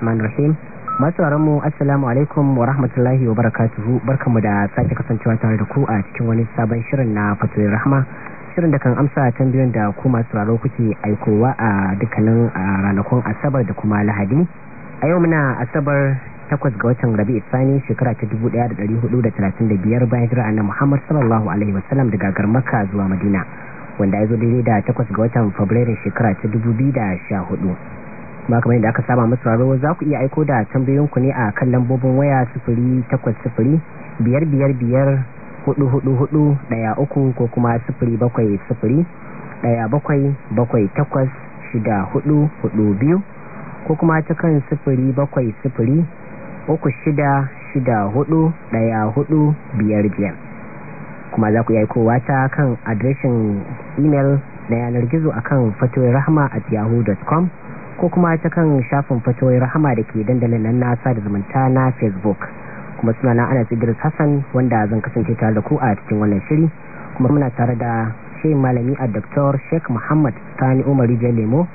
Rahman Rahim. Masu mu Assalamu alaikum wa rahmatullahi wa barakatuhu. barkamu da sake kasancewa tare da ku a cikin wani sabon shirin na Fatoyin Rahma. Shirin da kan amsa tambayoyin da ku masu raro kuke aikowa a dukkanin ranakun Asabar da kuma Lahadi. A yau muna Asabar takwas ga watan Rabi'u Sani shekara ta biyar bayan jira annabi Muhammad sallallahu alaihi wasallam daga Garmaka zuwa Madina. wanda ya zo daidai da takwas ga watan fabrairun shekara ta da hudu. kuma kamar yadda aka saba masu sauraro za ku iya aiko da ku ne a kan lambobin waya sifiri takwas sifiri biyar biyar biyar hudu hudu hudu daya uku ko kuma sifiri bakwai sifiri daya bakwai bakwai takwas shida hudu hudu biyu ko kuma ta kan sifiri bakwai sifiri uku shida shida hudu daya hudu biyar biyar kuma za ku iya aikowa ta kan adireshin imel na yanar gizo akan fatoyin rahama at yahoo.com ko kuma ta kan shafin fatowai rahama da ke dandalin nan nasa da zumunta na facebook kuma suna na ana tsigiris hassan wanda zan kasance tare da ku a cikin wannan shiri kuma muna tare da shi malami a dr sheikh muhammad sani umar rijiyar lemo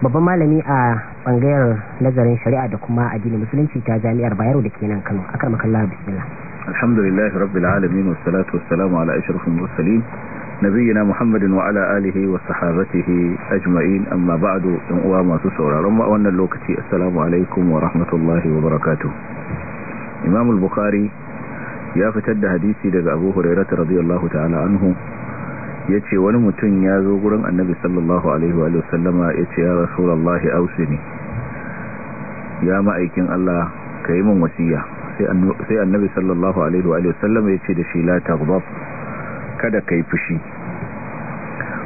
babban malami a bangayar nazarin shari'a da kuma addinin musulunci ta jami'ar bayero da ke nan kano akar makalla bismillah alhamdulillah rabbil alamin wassalatu wassalamu ala ashrafil mursalin nabiyina muhammadin wa ala alihi wa sahabatihi ajma'in amma ba'du in uwa masu sauraron mu a wannan lokaci assalamu alaikum wa rahmatullahi wa barakatuh imam al-bukhari ya fitar da hadisi daga abu hurairah radiyallahu ta'ala anhu yace wani mutum ya zo gurin annabi sallallahu alaihi wa sallama yace ya rasulullahi ausini ya ma'aikin Allah kai min wasiya sai annabi sallallahu alaihi wa sallam yace da shi la taghdab kada ka yi fushi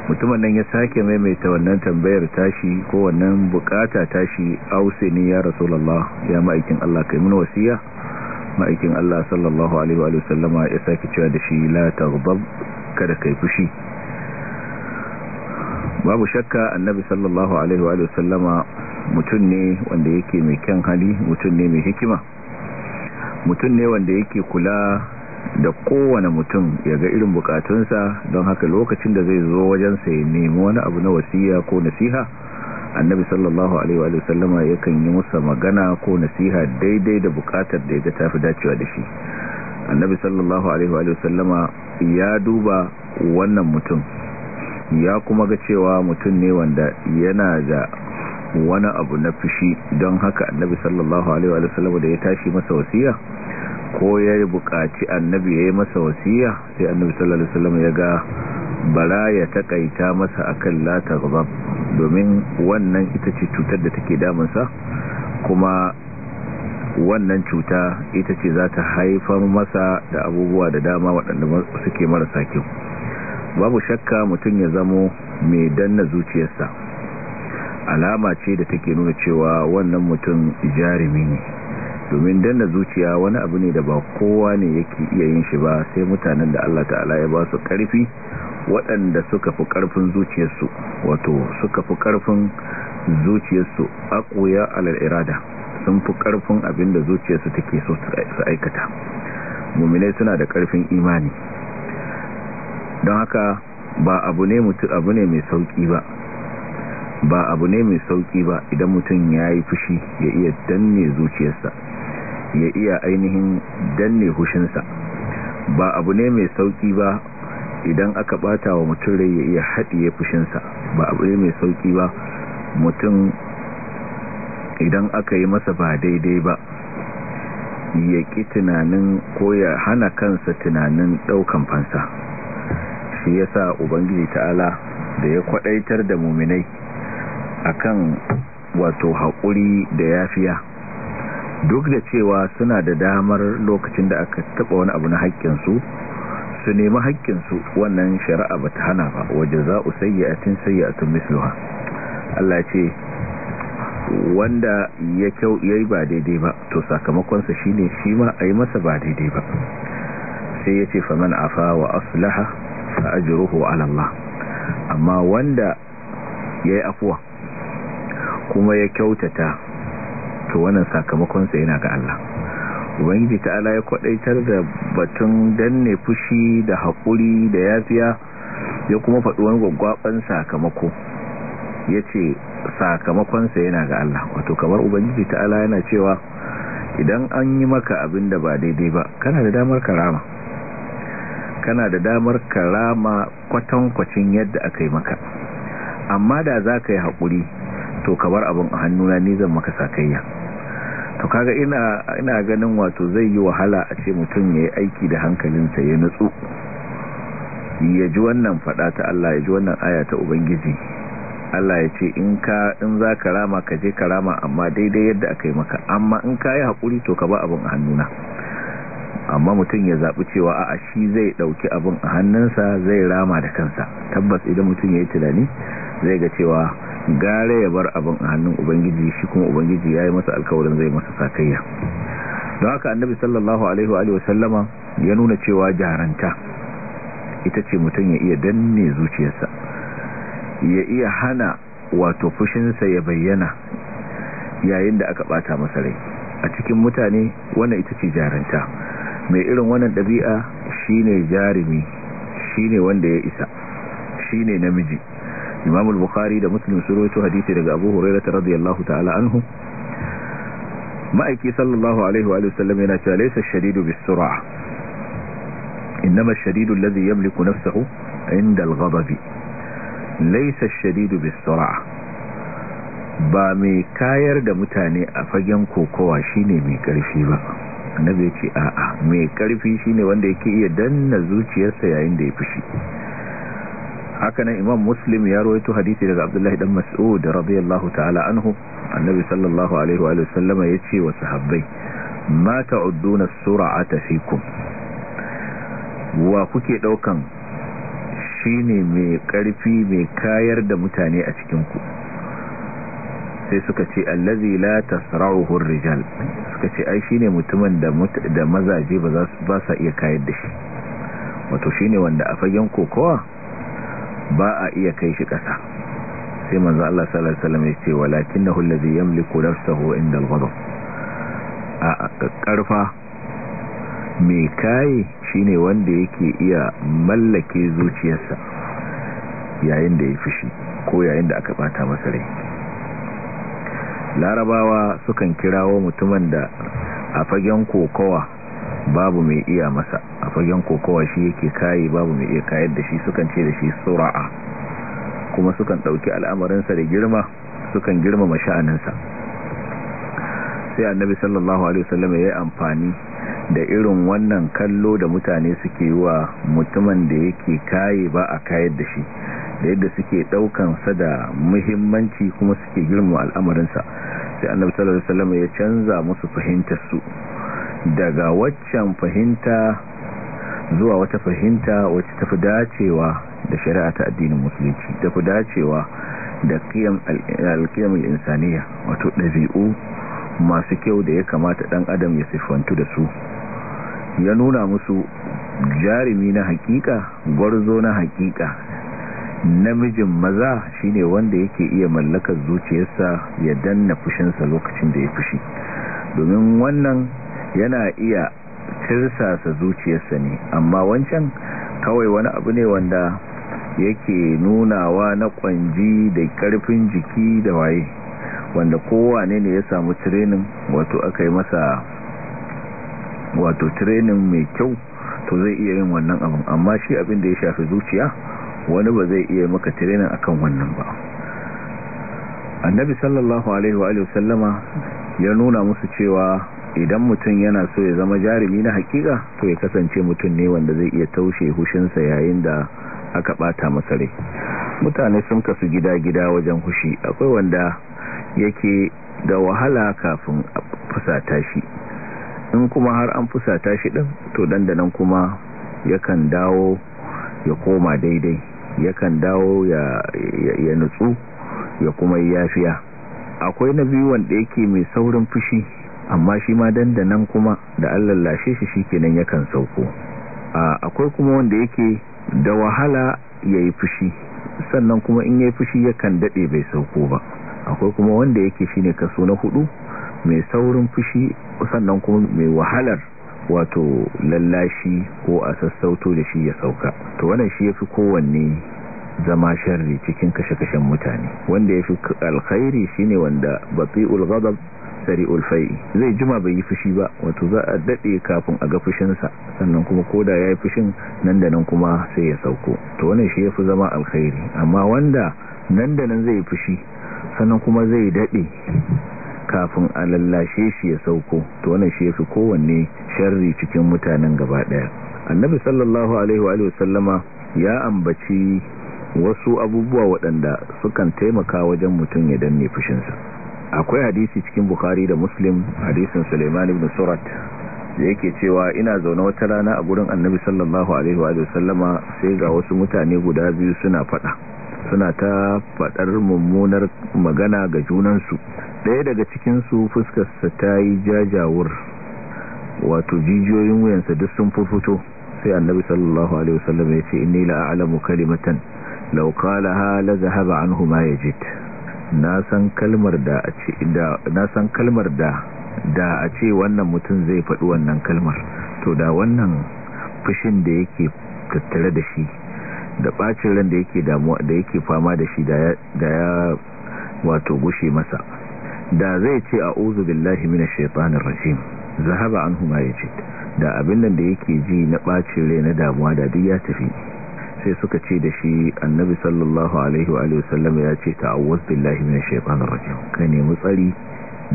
mutumin nan ya sake maimaita wannan tambayar tashi ko wannan bukata tashi ause ne ya rasulallah ya ma'aikin Allah kai mun wasiya ma'aikin Allah sallallahu alaihi wa sallama ya sake cewa da shi la taghdab kada kai fushi babu shakka annabi sallallahu alaihi wa sallama mutum ne wanda yake mai kyan hali mutum ne mai hikima mutum ne wanda yake kula da kowane mutum ya ga irin bukatunsa don haka lokacin da zai zo wajen sai nemi wani abu na wasiya ko nasiha annabi sallallahu alaihi wa sallama yakan yi masa magana ko nasiha daidai da bukatar da ya ga tafi dacewa da shi annabi sallallahu alaihi wa sallama ya duba wannan mutum ya kuma ga cewa mutum ne wanda yana da wani abu na fushi don haka annabi sallallahu alaihi wa sallama da ya tashi masa wasiya ko ya buƙaci annabi ya yi masa wasiya sai annabi sallallahu alaihi wasallam ya ga bara ya takaita masa akan lata gaba domin wannan ita ce cutar da take damunsa kuma wannan cuta ita ce za ta haifar masa da abubuwa da dama waɗanda suke marasa kyau babu shakka mutum ya zamo mai danna zuciyarsa alama ce da take nuna cewa wannan mutum jarumi ne domin danna zuciya wani abu ne da ba kowa ne yake iya yin shi ba sai mutanen da Allah ta'ala ya ba su karfi waɗanda suka fi ƙarfin zuciyarsu wato suka fi ƙarfin zuciyarsu aqwiya alal irada sun fi ƙarfin abin da zuciyarsu take so su aikata mu'minai suna da ƙarfin imani don haka ba abu ne mutu mai sauƙi ba ba abu ne mai sauƙi ba idan mutum ya yi fushi ya iya danne zuciyarsa ya iya ainihin danne hushinsa ba abu ne mai sauki ba idan aka bata wa mutum rai ya iya haɗiye fushinsa ba abu ne mai sauki ba mutum idan aka yi masa ba daidai ba ya ƙi tunanin ko ya hana kansa tunanin ɗaukan fansa shi ya sa ubangiji ta'ala da ya kwaɗaitar da muminai akan wato haƙuri da yafiya duk da cewa suna da damar lokacin da aka taba wani abu na haƙƙinsu su nemi haƙƙinsu wannan shari'a ba ta hana ba waje za a sayyatin sayyatun misluha Allah ce wanda ya kyau ya yi ba daidai ba to sakamakonsa shi ne shi ma a yi masa ba daidai ba sai ya ce faman afa wa aslaha fa ajruhu ala Allah amma wanda ya yi afuwa kuma ya kyautata to wannan sakamakonsa yana ga Allah ubangiji ta'ala ya kwadaitar da batun danne fushi da haƙuri da yafiya ya kuma faɗi wani gwaggwaban sakamako ya ce sakamakonsa yana ga Allah wato kamar ubangiji ta'ala yana cewa idan an yi maka abin da ba daidai ba kana da damar karama kana da damar karama kwatankwacin yadda aka yi maka amma da za ka yi haƙuri to kamar abin a hannuna ni zan maka sakayya to kaga ina ina ganin wato zai yi wahala a ce mutum yayi aiki da hankalinsa ya nutsu ya ji wannan fada ta Allah ya ji wannan aya ta ubangiji Allah ya ce in ka in za ka rama ka je ka rama amma daidai yadda aka yi maka amma in ka yi haƙuri to ka ba abin a hannuna amma mutum ya zaɓi cewa a shi zai ɗauki abin a hannunsa zai rama da kansa tabbas idan mutum ya yi tunani zai ga cewa gare ya bar abin a hannun ubangiji shi kuma ubangiji ya yi masa alkawarin zai masa sakayya don haka annabi sallallahu alaihi wa sallama ya nuna cewa jaranta ita ce mutum ya iya danne zuciyarsa ya iya hana wato fushinsa ya bayyana yayin da aka bata masa rai a cikin mutane wannan ita ce jaranta mai irin wannan ɗabi'a shi ne jarumi shi ne wanda ya isa shi ne namiji imam al-bukhari da muslim su rawaito hadisi daga abu hurairah radiyallahu ta'ala anhu ma'aiki sallallahu alaihi wa sallam yana cewa laysa ash-shadidu bis-sur'a innama ash-shadidu alladhi yamliku nafsahu 'inda al-ghadab laysa ash-shadidu bis-sur'a ba mai kayar da mutane a fagen kokowa shine mai karfi ba annabi ya ce a'a mai karfi shine wanda yake iya danna zuciyarsa yayin da ya fushi haka nan imam muslim ya rawaito hadisi daga abdullahi dan mas'ud radiyallahu ta'ala anhu annabi sallallahu alaihi wa sallama yace wa sahabbai ma ta'udduna sur'ata fikum wa kuke daukan shine mai karfi mai kayar da mutane a cikin ku sai suka ce allazi la tasra'uhu ar-rijal suka ce ai shine mutumin da da mazaje ba za su ba sa iya kayar da shi wato shine wanda a fagen kokowa ba a iya kai shi ƙasa sai manzo Allah sallallahu alaihi wasallam ya ce walakinahu allazi yamliku nafsuhu inda al-ghadab a karfa mai kai shine wanda yake iya mallake zuciyarsa yayin da ya fushi ko yayin da aka bata masa rai larabawa sukan kirawo mutumin da a fagen kokowa babu mai iya masa a fagen kokowa shi yake kayi babu mai iya kayar da shi sukan ce da shi sura'a kuma sukan ɗauki al'amarinsa da girma sukan girmama sha'aninsa sai annabi sallallahu alaihi wasallam ya yi amfani da irin wannan kallo da mutane suke yi wa mutumin da yake kayi ba a kayar da shi da yadda suke sa da muhimmanci kuma suke girmama al'amarinsa sai annabi sallallahu alaihi wasallam ya canza musu fahimtar su daga waccan fahimta zuwa wata fahimta wacce tafi dacewa da shari'a ta addinin musulunci tafi dacewa da al insaniya wato ɗabi'u masu kyau da ya kamata ɗan adam ya siffantu da su ya nuna musu jarumi na hakika gwarzo na hakika namijin maza shine wanda yake iya mallakar zuciyarsa ya danna fushinsa lokacin da ya fushi domin wannan yana iya tirsasa zuciyarsa ne amma wancan kawai wani abu ne wanda yake nunawa na kwanji da karfin jiki da waye wanda kowane ne ya samu training wato aka yi masa wato training mai kyau to zai iya yin wannan abin amma shi abin da ya shafi zuciya wani ba zai iya maka training akan wannan ba annabi sallallahu alaihi wa sallama ya nuna musu cewa idan mutum yana so ya zama jarumi na hakika to ya kasance mutum ne wanda zai iya taushe hushinsa yayin da aka bata masa rai mutane sun kasu gida-gida wajen hushi akwai wanda yake da wahala kafin a fusata shi in kuma har an fusata shi din to dandanan kuma yakan dawo ya koma daidai yakan dawo ya, nutsu ya kuma yafiya akwai na biyu wanda yake mai saurin fushi amma shi ma dandanan kuma da an lallashe shi shi nan yakan sauko akwai kuma wanda yake da wahala ya yi fushi sannan kuma in ya yi fushi yakan daɗe bai sauko ba akwai kuma wanda yake ne kaso na hudu mai saurin fushi sannan kuma mai wahalar wato lallashi ko a sassauto da shi ya sauka to wannan shi ya fi kowanne zama sharri cikin kashe-kashen mutane wanda ya fi alkhairi shi ne wanda bati'ul ghadab sari ulfai zai jima bai yi fushi ba wato za a dade kafin a ga fushinsa sannan kuma koda yayi fushin nan da nan kuma sai ya sauko to wannan shi yafi zama alkhairi amma wanda nan da nan zai yi fushi sannan kuma zai daɗe kafin a lallashe shi ya sauko to wannan shi yafi kowanne sharri cikin mutanen gaba daya annabi sallallahu alaihi wa sallama ya ambaci wasu abubuwa waɗanda sukan taimaka wajen mutum ya danne fushinsa akwai hadisi cikin bukhari da muslim hadisin suleiman ibn surat da yake cewa ina zaune wata rana a gurin annabi sallallahu alaihi wa sallama sai ga wasu mutane guda biyu suna fada suna ta fadar mummunar magana ga junansu ɗaya daga cikinsu fuskarsa ta yi jajawur wato jijiyoyin wuyansa duk sun furfuto sai annabi sallallahu alaihi wasallam ya ce inni la a'lamu kalimatan law qalaha la zahaba anhu ma yajid na san kalmar da a ce wannan mutum zai faɗi wannan kalmar to da wannan fushin da yake tattare da shi da ɓacin ran da yake damuwa fama da shi da ya wato gushe masa da zai ce a a'udhu billahi mina shaifanin rajim zahaba huma ya ce da abin nan da yake ji na ɓacin rai na damuwa da duk ya tafi sai suka ce da shi annabi sallallahu alaihi wa sallam ya ce ta'awwaz billahi minash shaitanir rajim ka nemi tsari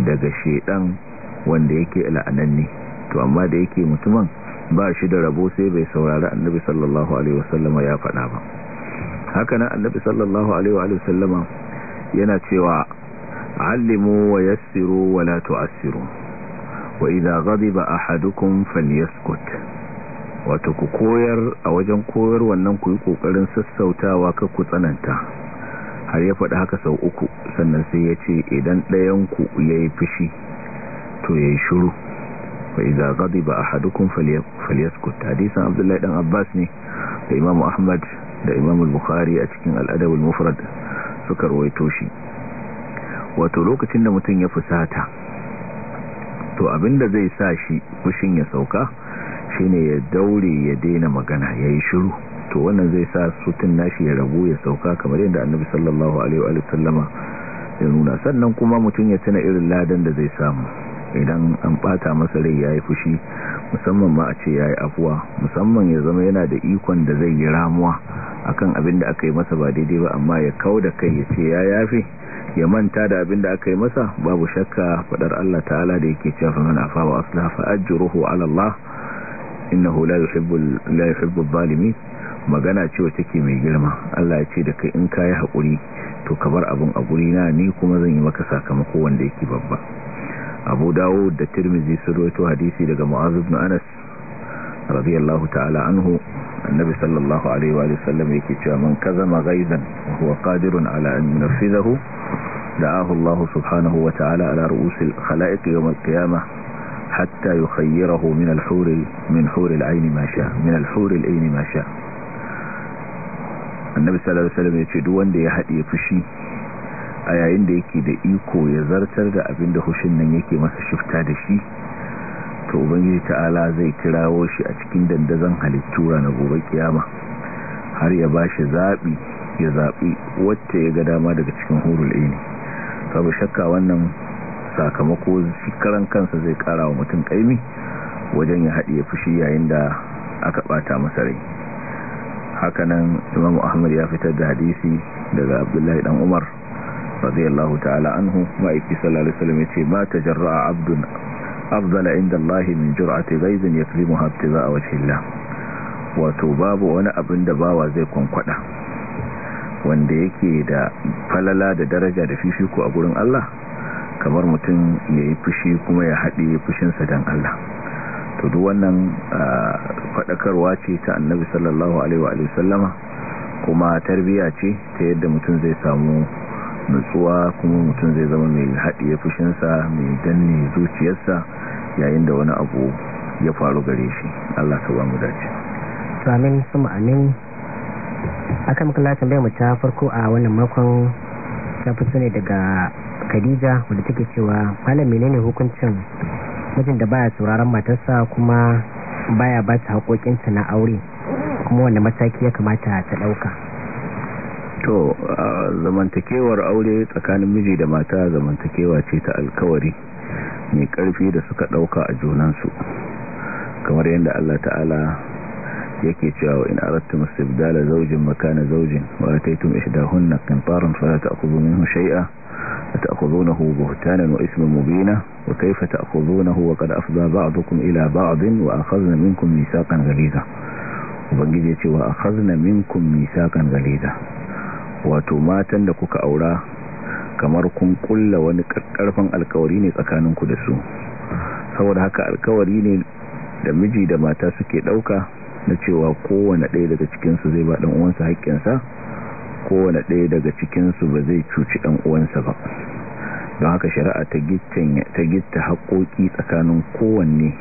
daga shedan wanda yake la'ananne to amma da yake mutumin ba shi da rabo sai bai saurari annabi sallallahu alaihi wa ya faɗa ba haka nan annabi sallallahu alaihi wa sallam yana cewa allimu wa yassiru wa la tu'assiru wa idza ghadiba ahadukum falyaskut wato ku koyar a wajen koyar wannan ku yi kokarin sassautawa ka ku tsananta har ya faɗi haka sau uku sannan sai ya ce idan ɗayanku ya yi fushi to ya yi shuru fa iza gadi ba a hadukun falyaskut hadisan abdullahi dan abbas ne da imamu ahmad da imamu bukhari a cikin al'adabul mufrad suka rawaito shi wato lokacin da mutum ya fusata to abinda zai sa shi fushin ya sauka shine ya daure ya daina magana ya yi shiru to wannan zai sa sutun nashi ya rabu ya sauka kamar yadda annabi sallallahu alaihi wa sallama ya nuna sannan kuma mutum ya tuna irin ladan da zai samu idan an bata masa rai yayi fushi musamman ma a ce yayi afuwa musamman ya zama yana da ikon da zai yi ramuwa akan abin da aka yi masa ba daidai ba amma ya kau da kai ya ce ya yafe ya manta da abin da aka yi masa babu shakka fadar Allah ta'ala da yake cewa man afa wa aslaha fa ajruhu ala Allah innahu la yuhibbul la yuhibbul zalimin magana ce wacce take mai girma Allah ya ce da kai in kai hakuri to ka bar abun a guri na ni kuma zan yi maka sakamako wanda yake babba Abu Dawud da Tirmidhi sun rawaito hadisi daga Mu'adh ibn Anas radiyallahu ta'ala anhu annabi sallallahu alaihi wa sallam yake cewa man kazama ghaizan huwa qadirun ala an yunfidahu da'ahu Allah subhanahu wa ta'ala ala ru'usil khalaiq yawm al-qiyamah hatta yukhayyirahu min al-huri min huri ma sha min al-huri al annabi yace duk wanda ya hade fushi a yayin da yake da iko ya zartar da abin da hushin nan yake masa shifta da shi to ubangiji ta'ala zai kirawo shi a cikin dandazon halittu na gobe kiyama har ya bashi zabi ya zabi wacce ya ga dama daga cikin hurul ayn babu shakka wannan sakamako karan kansa zai kara wa mutum kaimi wajen ya haɗe fushi yayin da aka ɓata masa rai hakanan imam ahmad ya fitar da hadisi daga abdullahi dan umar radiyallahu ta'ala anhu ma'aiki sallallahu alaihi wasallam yace ma tajarra'a abdun afdala inda allahi min jur'ati ghaizin yaklimuha ibtiza'a wajhillah wato babu wani abin da bawa zai kwankwada wanda yake da falala da daraja da fifiko a gurin Allah kamar mutum ya yi fushi kuma ya haɗe fushinsa don Allah to duk wannan faɗakarwa ce ta annabi sallallahu alaihi wa kuma tarbiya ce ta yadda mutum zai samu nutsuwa kuma mutum zai zama mai haɗiye fushinsa mai danne zuciyarsa yayin da wani abu ya faru gare shi Allah ta ba mu dace amin sama amin akan kula tambayar mu ta farko a wannan makon ta fito ne daga khadija wadda take cewa malam menene hukuncin mijin da baya sauraron matarsa kuma baya ba ta haƙoƙinta na aure kuma wanda mataki ya kamata ta ɗauka to zamantakewar aure tsakanin miji da mata zamantakewa ce ta alkawari mai ƙarfi da suka ɗauka a junansu kamar yadda allah ta'ala yake cewa in aradtum istibdala zawjin makana zawjin wa ataytum ihdahunna qintaran fala ta'khudhu minhu shay'a ata'khudhunahu buhtanan wa isman mubina wa kayfa ta'khudhunahu wa qad afdha ba'dukum ila ba'din wa akhadna minkum mithaqan ghaliza ubangiji yace wa akhadna minkum mithaqan ghaliza wato matan da kuka aura kamar kun kulla wani karfan alkawari ne tsakaninku da su saboda haka alkawari ne da miji da mata suke dauka na cewa kowane ɗaya daga cikinsu zai ba ɗan uwansa haƙƙinsa kowane ɗaya daga cikinsu ba zai cuci ɗan uwansa ba don haka shari'a ta gitta haƙoƙi tsakanin kowanne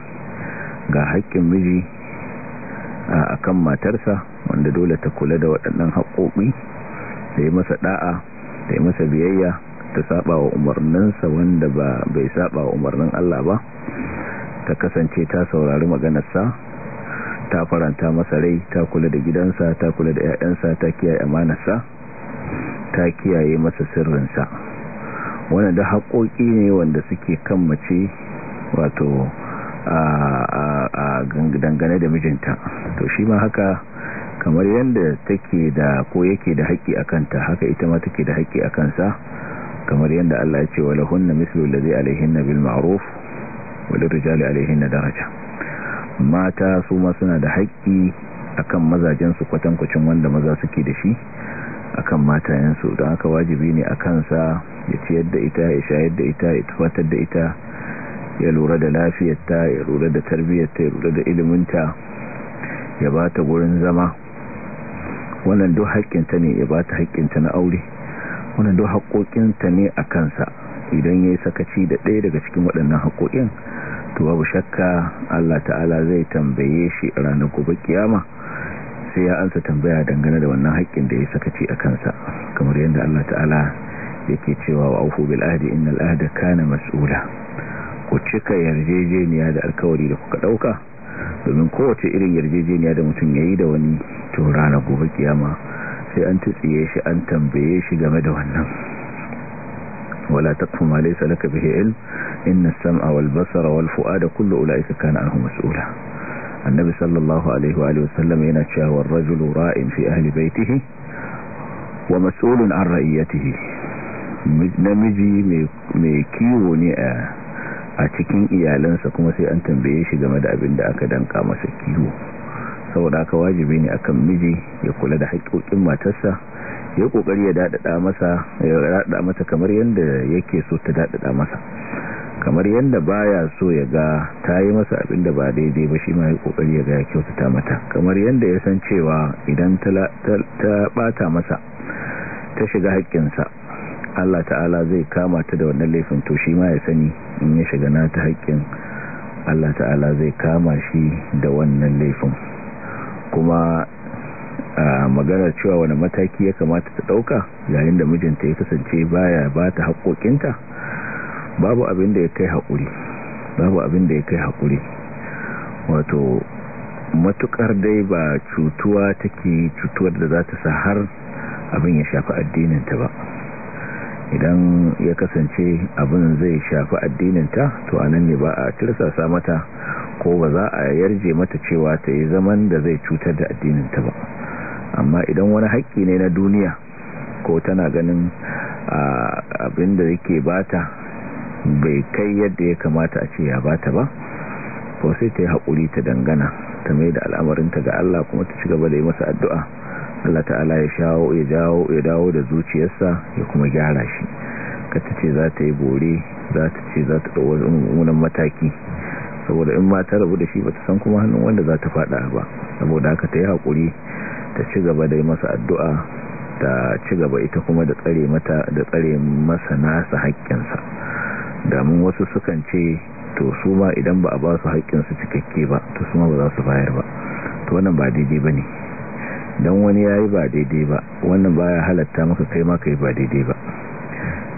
ga haƙƙin miji a kan matarsa wanda dole ta kula da waɗannan haƙoƙi da yi masa ɗa'a da yi masa biyayya ta saba wa umarninsa wanda bai saba wa umarnin Allah ba ta kasance ta saurari maganarsa ta faranta masa rai ta kula da gidansa ta kula da ƴaƴansa ta kiyaye amanarsa ta kiyaye masa sirrinsa wannan da haƙoƙi ne wanda suke kan mace wato a dangane da mijinta to shi ma haka kamar yadda take da ko yake da haƙƙi a kanta haka ita ma take da haƙƙi a kansa kamar yadda Allah ya ce wa lahunna mislu allazi alayhin bil ma'ruf wa lirrijali alaihinna daraja mata su ma suna da haƙƙi akan mazajensu kwatankwacin wanda maza suke da shi akan matayensu don aka wajibi ne a kansa ya ciyar da ita ya shayar da ita ya tufatar da ita ya lura da lafiyarta ya lura da tarbiyyarta ya lura da iliminta ya ba ta gurin zama wannan duk haƙƙinta ne ya ba ta haƙƙinta na aure wannan duk haƙƙoƙinta ne a kansa idan ya yi sakaci da ɗaya daga cikin waɗannan haƙƙoƙin to babu shakka Allah ta'ala zai tambaye shi ranar gobe kiyama sai ya ansa tambaya dangane da wannan haƙƙin da ya sakaci a kansa kamar yadda Allah ta'ala yake cewa wa aufu bil ahdi innal ahda kana mas'ula ku cika yarjejeniya da alkawari da kuka dauka domin kowace irin yarjejeniya da mutum yayi da wani to ranar gobe kiyama sai an tsiye shi an tambaye shi game da wannan ولا تقف ما ليس لك به علم إن السمع والبصر والفؤاد كل أولئك كان عنه مسؤولا النبي صلى الله عليه وآله وسلم ينشاه والرجل راء في أهل بيته ومسؤول عن رأيته نمجي ميكيوني أتكين إيالان سكما سي أن تنبيش جمد أبن دعك دنقا مسكيو سوداك واجبيني أكمجي يقول دحيك إما ya kokari ya dadada masa ya dadada mata kamar yanda yake so ta dadada masa kamar yanda baya so ya ga ta yi masa abin da ba daidai ba shi ma ya kokari ya ga ya kyautata mata kamar yanda ya san cewa idan ta ta bata masa ta shiga haƙƙinsa Allah ta'ala zai kama ta da wannan laifin to shi ma ya sani in ya shiga na ta haƙƙin Allah ta'ala zai kama shi da wannan laifin kuma magana cewa wani mataki ya kamata ta dauka yayin da mijinta ya kasance baya ba ta haƙoƙinta babu abin da ya kai haƙuri babu abin da ya kai haƙuri wato matuƙar dai ba cutuwa take cutuwar da za ta sa har abin ya shafi addininta ba idan ya kasance abin zai shafi addininta to anan ne ba a tirsasa mata ko ba za a yarje mata cewa ta yi zaman da zai cutar da addininta ba amma idan wani haƙƙi ne na duniya ko tana ganin abin da yake bata bai kai yadda ya kamata a ce ya bata ba ko sai ta yi haƙuri ta dangana ta mai da al'amarinta ga Allah kuma ta ci gaba da yi masa addu'a Allah ta'ala ya shawo ya jawo ya dawo da zuciyarsa ya kuma gyara shi ka ta ce za ta yi bore za ta ce za ta ɗauwa mummunan mataki saboda in ma ta rabu da shi ba ta san kuma hannun wanda za ta faɗa ba saboda haka ta yi haƙuri ta ci gaba da masa addu'a ta ci gaba ita kuma da tsare mata da tsare masa nasa haƙƙinsa damun wasu sukan ce to su ma idan ba a ba su haƙƙinsu cikakke ba to su ma ba za su bayar ba to wannan ba daidai ba ne don wani ya yi ba daidai ba wannan baya halatta maka kai ma ka yi ba daidai ba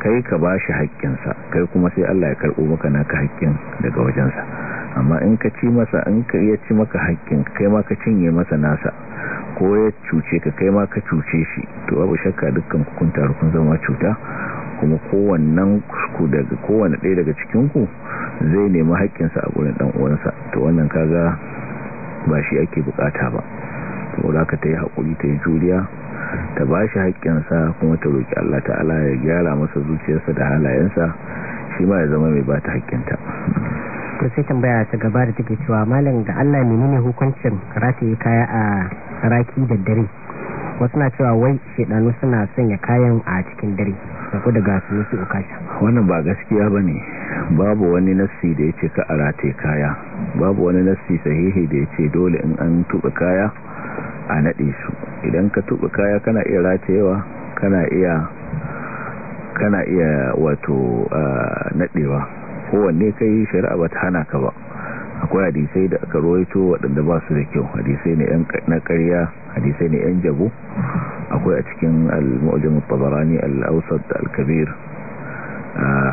kai ka ba shi haƙƙinsa kai kuma sai Allah ya karɓo maka naka haƙƙin daga wajensa amma in ka ci masa in ka iya ci maka haƙƙin kai ma ka cinye masa nasa ko ya cuce ka kai ma ka cuce shi to babu shakka dukkan kun taru kun zama cuta kuma kowannen ku daga kowanne ɗaya daga cikin ku zai nemi sa a gurin dan uwansa to wannan kaga ba shi ake bukata ba to za ka ta yi haƙuri ta yi juriya ta bashi shi sa kuma ta roki Allah ta'ala ya gyara masa zuciyarsa da halayensa shi ma ya zama mai ba ta ta to sai tambaya ta gaba da take cewa malam da Allah menene hukuncin rataye kaya a raki da dare wasu na cewa wai shedanu suna sanya kayan a cikin dare sako daga sunusi ukasha wannan ba gaskiya ba ne babu wani nassi da ya ce ka arate kaya babu wani nassi sahihi da ya ce dole in an tuba kaya a naɗe su idan ka tuba kaya kana iya ratewa kana iya kana iya wato ah, naɗewa kowanne kai shari'a ba ta hana ka ba akwai hadisai da aka rawaito waɗanda ba su da kyau hadisai ne na ƙarya hadisai ne yan jabo akwai a cikin al-mu'jam at-tabarani al-awsat al-kabir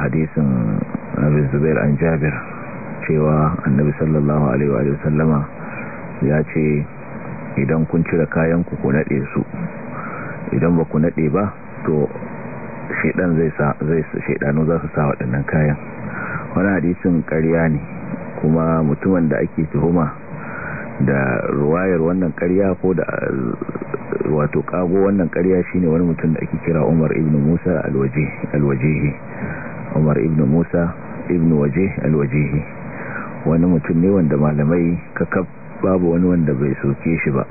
hadisin Abu Zubair an Jabir cewa Annabi sallallahu alaihi wa sallama ya ce idan kun cire kayan ku ku nade su idan ba ku nade ba to shedan zai sa zai shedano za su sa waɗannan kayan wani hadisin ƙarya ne kuma mutumin da ake tuhuma da ruwayar wannan ƙarya ko da wato kago wannan ƙarya shine wani mutum da ake kira Umar ibn Musa al Umar ibn Musa ibn waje wani mutum ne wanda malamai kakab babu wani wanda bai soke shi ba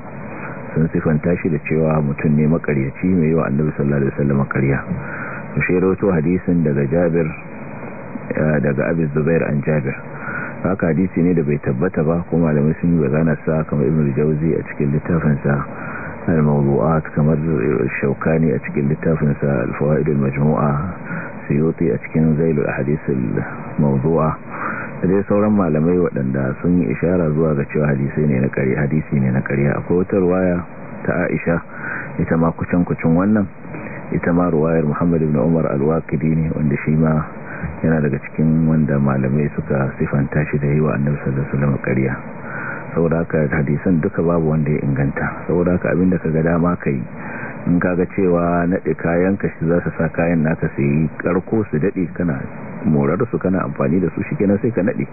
sun sifanta shi da cewa mutum ne makaryaci mai yawa annabi sallallahu alaihi wasallam ƙarya shi rawato hadisin daga Jabir eh, daga abu Zubair an Jabir haka hadisi ne da bai tabbata ba kuma malamai sun yi bazana sa kamar ibn jauzi a cikin littafinsa al-mawdu'at kamar shaukani a cikin littafinsa al-fawaid al-majmu'a suyuti a cikin zailul ahadith al-mawdu'a dai sauran malamai waɗanda sun yi ishara zuwa ga cewa hadisi ne na kare hadisi ne na kare akwai wata ruwaya ta Aisha ita ma kucin kucin wannan ita ma ruwayar Muhammad ibn Umar al-Waqidi ne wanda shi ma yana daga cikin wanda malamai suka sifanta shi da yi wa annabi sallallahu alaihi wasallam ƙarya saboda haka hadisan duka babu wanda ya inganta saboda haka abinda kaga dama kai in kaga cewa nade kayan ka shi za su sa kayan naka su yi karko su dade kana morar su kana amfani da su shikenan sai ka nade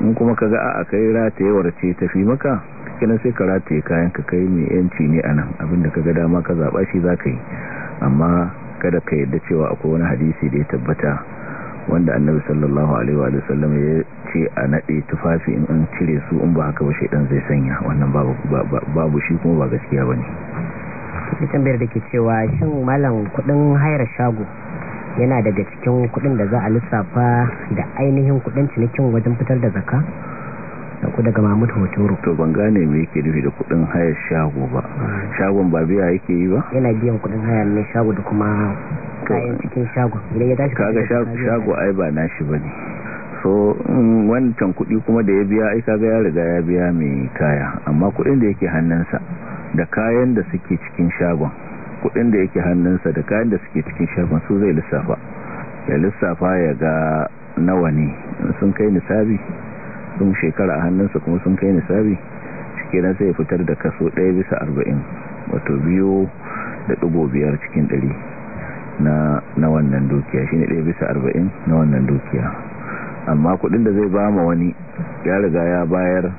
in kuma ka ga a kai rataye warce tafi maka shikenan sai ka rataye kayan ka kai mai yanci ne anan abinda ga dama ka zaba shi zaka yi amma kada ka yadda cewa akwai wani hadisi da ya tabbata wanda annabi sallallahu alaihi wa sallam ya ce a nade tufafi in an cire su in ba haka ba shaydan zai sanya wannan babu babu shi kuma ba gaskiya bane shi tambayar da ke cewa shin malam kudin hayar shago yana daga cikin kudin da za a lissafa da ainihin kudin cinikin wajen fitar da zakka ku daga Mahmud Hotoro to ban gane me yake nufi da kudin hayar shago ba hmm. shagon ba biya yake yi ba yana biyan kudin hayar ne shago da kuma kayan cikin shago idan ya tashi kaga shago ai ba nashi bane so wancan kudi kuma da ya biya ai kaga ya riga ya biya mai kaya amma kudin da yake hannunsa da kayan da suke cikin shagon kudin da yake hannunsa da kayan da suke cikin shagon su zai lissafa ya lissafa ya ga nawa ne sun kai nisabi sun shekara a hannunsa kuma sun kai nisabi cike na sai fitar da kaso ɗaya bisa arba'in wato biyu da dubu biyar cikin ɗari na wannan dukiya shi ne ɗaya bisa arba'in na wannan dukiya amma kuɗin da zai ba ma wani ya riga ya bayar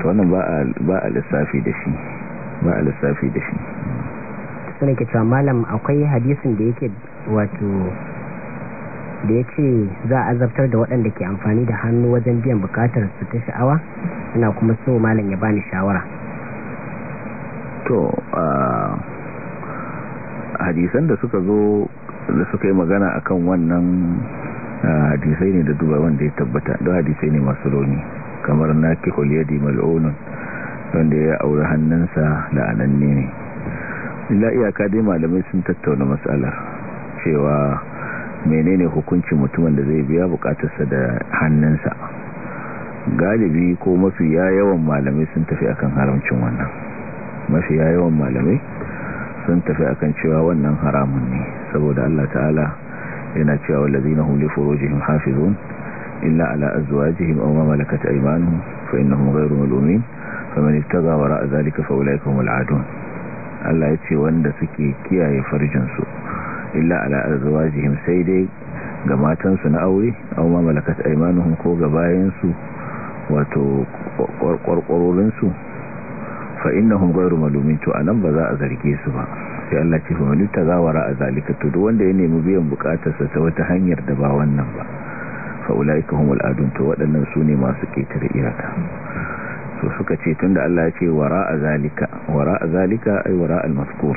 ta wannan ba a lissafi da shi ba a lissafi da shi suna ke cewa malam akwai hadisin da yake wato da ya ce za a azabtar da waɗanda ke amfani da hannu wajen biyan bukatar su ta sha'awa ina kuma so malam ya bani shawara to hadisan da suka zo da suka yi magana akan wannan hadisai ne da duba wanda ya tabbata da hadisai ne masu rauni kamar na kihul yadi mal'unun wanda ya aure hannunsa la'ananne ne illa iyaka dai malamai sun tattauna matsalar cewa menene hukuncin mutumin da zai biya bukatarsa da hannunsa galibi ko mafi yawan malamai sun tafi akan haramcin wannan mafiya yawan malamai sun tafi akan cewa wannan haramun ne saboda Allah ta'ala yana cewa wallazina hum li furujihim hafizun illa ala azwajihim aw ma malakat aymanuhum fa innahum ghayru malumin faman ittaqa wara'a zalika fa ulaika humul adun Allah ya ce wanda suke kiyaye farjinsu illa ala azwajihim sai dai ga matansu na aure aw ma malakat aymanuhum ko ga bayansu wato su fa innahum ghayru malumin to anan ba za a zarge su ba sai Allah ce fa malita zawara a zalika to duk wanda ya nemi biyan bukatarsa ta wata hanyar da ba wannan ba fa ulaika humul adun to waɗannan su ne masu ketare iraka so suka ce tunda Allah ya ce wara a zalika wara wara al-mazkur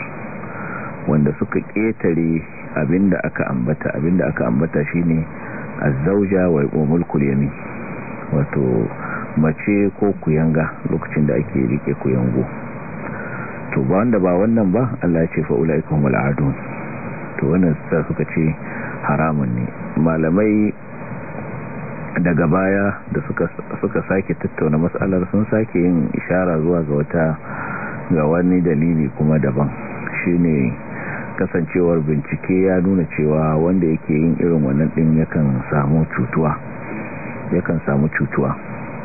wanda suka ƙetare abinda aka ambata abinda aka ambata shine zauja wa mulkul yamin wato mace ko kuyanga lokacin da ake rike kuyango to ba wanda ba wannan ba Allah ya ce fa ulaikum al'adun to wannan suka ce haramun ne malamai daga baya da suka sake tattauna matsalar sun sake yin ishara zuwa ga wata ga wani dalili kuma daban shine kasancewar bincike ya nuna cewa wanda yake yin irin wannan din yakan samu cutuwa yakan samu cutuwa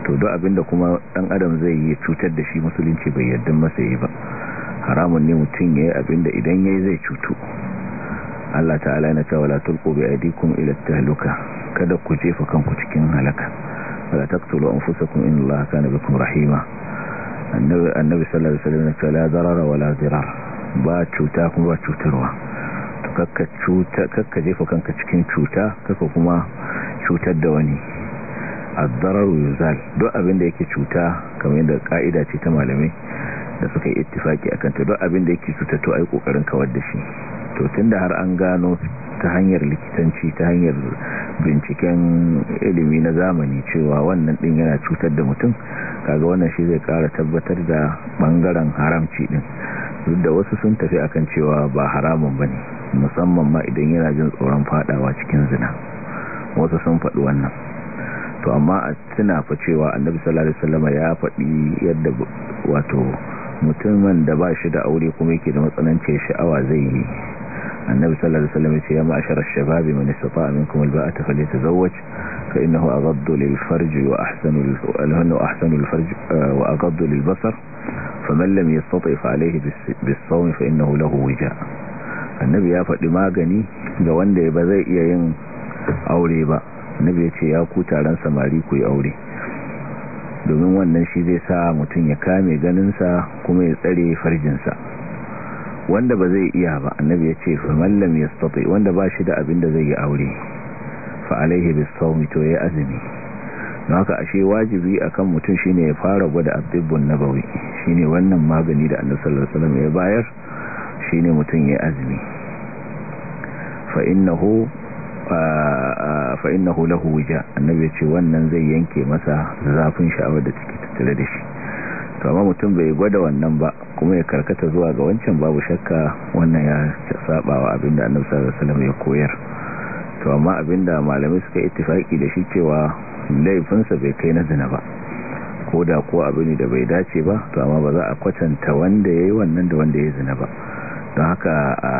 to duk abinda kuma dan adam zai yi cutar da shi musulunci bai yarda masa yi ba haramun ne mutum ya yi abinda idan yayi zai cutu Allah ta'ala yana cewa la tulqu bi aydikum ila tahluka kada ku jefa kanku cikin halaka wala taqtulu anfusakum inna Allaha kana bikum rahima annabi sallallahu alaihi wasallam ya ce la darara wala dirar ba cuta kuma ba cutarwa kakka cuta kakka jefa kanka cikin cuta kakka kuma cutar da wani azzararu yuzal duk abin da yake cuta kamar yadda ka'ida ce ta malamai da suka yi ittifaki akan ta duk abin da yake cuta to a yi kokarin kawar da shi to tun da har an gano ta hanyar likitanci ta hanyar binciken ilimi na zamani cewa wannan din yana cutar da mutum kaga wannan shi zai kara tabbatar da bangaren haramci din duk da wasu sun tafi akan cewa ba haramun ba ne musamman ma idan yana jin tsoron fadawa cikin zina wasu sun faɗi wannan to amma a tuna fa cewa annabi sallallahu alaihi wasallam ya faɗi yadda wato mutumin da ba shi da aure kuma yake da matsalancin sha'awa zai yi annabi sallallahu alaihi wasallam ya ce ya ma'ashar shababi man istata'a minkum alba'ata falyatazawwaj fa innahu aghaddu lil-farji wa ahsanu al-hunnu ahsanu lil farji wa aghaddu lil-basar faman lam yastati' fa alayhi bis-sawm fa innahu lahu wija annabi ya fadi magani ga wanda ba zai iya yin aure ba annabi ya ce ya ku taron samari ku yi aure domin wannan shi zai sa mutum ya kame ganinsa kuma ya tsare farjinsa wanda ba zai iya ba annabi ya ce famallam ya stoppe wanda ba shi da abin da zai yi aure fa alaihi bisawmi to ya azumi na haka ashe wajibi akan mutum shine ya fara gwada abdibbun shi shine wannan magani da annabi ya bayar shine mutum ya azumi fa innahu fa innahu lahu wija annabi ya ce wannan zai yanke masa zafin sha'awar da take tattare da shi to amma mutum bai gwada wannan ba kuma ya karkata zuwa ga wancan babu shakka wannan ya saba wa abinda annabi sallallahu alaihi wasallam ya koyar to amma abinda malamai suka ittifaki da shi cewa laifinsa bai kai na zina ba ko da ko abin da bai dace ba to amma ba za a kwatanta wanda yayi wannan da wanda ya zina ba don haka a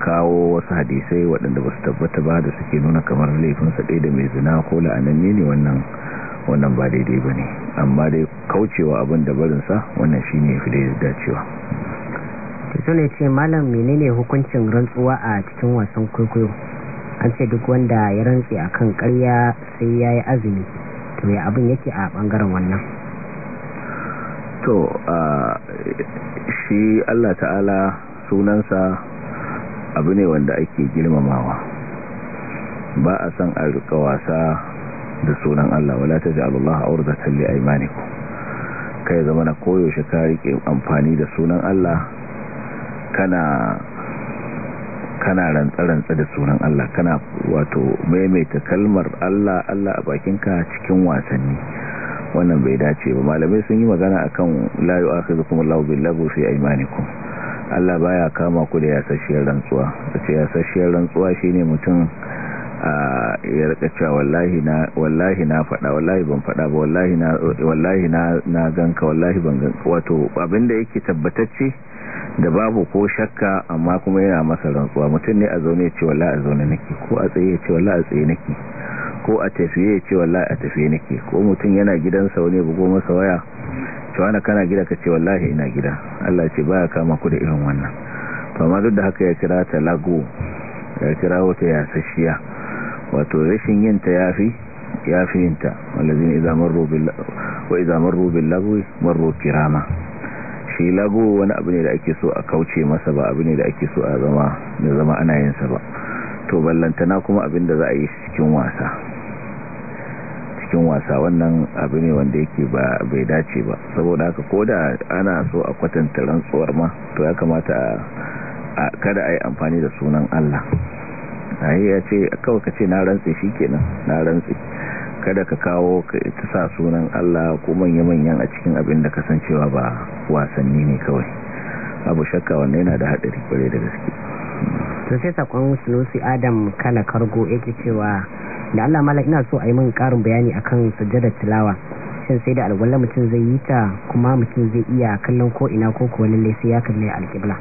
kawo wasu hadisai waɗanda ba su tabbata ba da suke nuna kamar laifinsa ɗaya da mai zina ko la'ananne ne wannan wannan ba daidai ba ne amma dai kaucewa abin da barinsa wannan shi ne fi da dacewa tuto ne ce malam mene ne hukuncin rantsuwa a cikin wasan kwaikwayo an ce duk wanda ya rantse a kan karya sai ya yi azumi to ya abin yake a bangaren wannan to shi allah ta'ala sunansa abu ne wanda ake girmamawa ba a san a wasa da sunan Allah wala ta taj'alullaha awrzatan li aymanikum kai zama na koyaushe ka rike amfani da sunan Allah kana kana rantsa-rantsa da sunan Allah kana wato maimaita kalmar Allah Allah a bakinka cikin wasanni wannan bai dace ba malamai sun yi magana akan la yu'akhidhukum Allahu bil-lagwi fi aymanikum Allah baya kama ku da yasasshiyar rantsuwa ce yasasshiyar rantsuwa shi ne mutum ya rika cewa wallahi na fada wallahi ban fada ba wallahi na na ganka wallahi ban ganka wato abinda yake tabbatacce da babu ko shakka amma kuma yana masa rantsuwa mutum ne a zaune ce wallahi a zaune nake ko a tsaye ce wallahi a tsaye nake ko a tafiye ce wallahi a tafiye nake ko mutum yana gidansa wani bugo masa waya to ana kana gida ka ce wallahi ina gida Allah ce baya kama ku da irin wannan to amma duk da haka ya kira ta lago ya kira wata yasashiya wato rashin yin ta yafi yafi yin ta wallazin idza marru bil wa idza marru kirama shi lago wani abu ne da ake so a kauce masa ba abu ne da ake so a zama da zama ana yin sa ba to ballantana kuma abin da za a yi cikin wasa cikin wasa wannan abu ne wanda yake ba bai dace ba saboda haka ko da ana so a kwatanta rantsuwar ma to ya kamata a kada a amfani da sunan Allah ayi ya ce kawai ka ce na rantsi shikenan na rantsi kada ka kawo ka sa sunan Allah ko manya-manyan a cikin abin da kasancewa ba wasanni ne kawai abu shakka wannan yana da haɗari kware da gaske to sai sakon adam kala kargo yake cewa da Allah mala ina so a yi min karin bayani akan sujjada tilawa shin sai da alwala mutum zai yi ta kuma mutum zai iya kallon ko ina ko ko lalle sai ya kalle alƙibla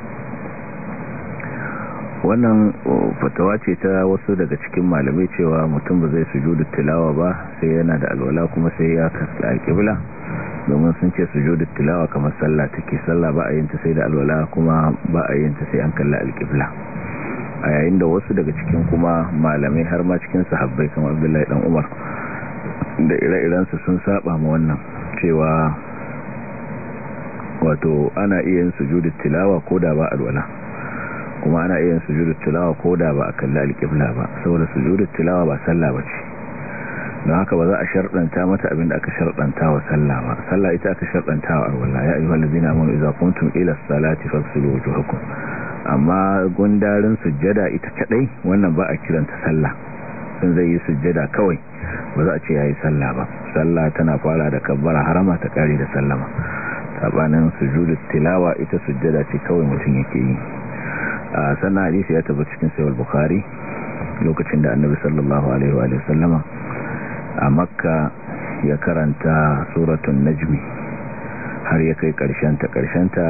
wannan fatawa ce ta wasu daga cikin malamai cewa mutum ba zai sujudu tilawa ba sai yana da alwala kuma sai ya kalle alƙibla domin sun ce sujudu tilawa kamar sallah take sallah ba a yin ta sai da alwala kuma ba a yin ta sai an kalli alƙibla a yayin da wasu daga cikin kuma malamai har ma cikin sahabbai kamar abdullahi dan umar da ire-irensu sun saba ma wannan cewa wato ana iya yin sujudu tilawa ko da ba alwala kuma ana iya yin sujudu tilawa ko da ba a kalli alƙibla ba saboda sujudu tilawa ba sallah ba ce don haka ba za a sharɗanta mata abin da aka sharɗanta wa sallah ba sallah ita aka sharɗanta wa alwala ya ayyuhal ladina amanu idza kuntum ila salati fagsilu wujuhakum amma gundarin sujjada ita kadai wannan ba a kiranta sallah sun zai yi sujjada kawai ba za a ce ya yi sallah ba sallah tana fara da kabbara harama ta kare da sallama sabanin sujudu tilawa ita sujjada ce kawai mutum yake yi a sannan hadisi ya ba cikin sayar bukhari lokacin da annabi sallallahu alaihi wa sallama a makka ya karanta suratun najmi har ya kai karshen ta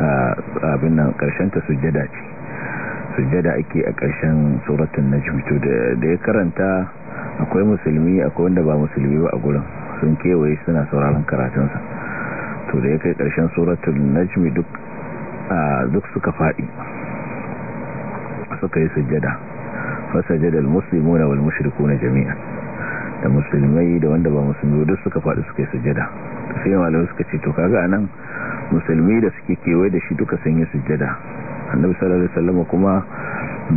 abin nan karshen ta sujjada ce sujjada ake a karshen suratun najmi to da ya karanta akwai musulmi akwai wanda ba musulmi ba a gurin sun kewaye suna sauraron karatunsa to da ya kai karshen suratun najmi duk duk suka fadi suka yi sujjada musulmi almuslimuna wal na jami'a da musulmai da wanda ba musulmi duk suka fadi suka yi sujjada sai malamai suka ce to kaga anan musulmi da suke kewaye da shi duka sun yi sujjada annabi sallallahu alaihi wasallam kuma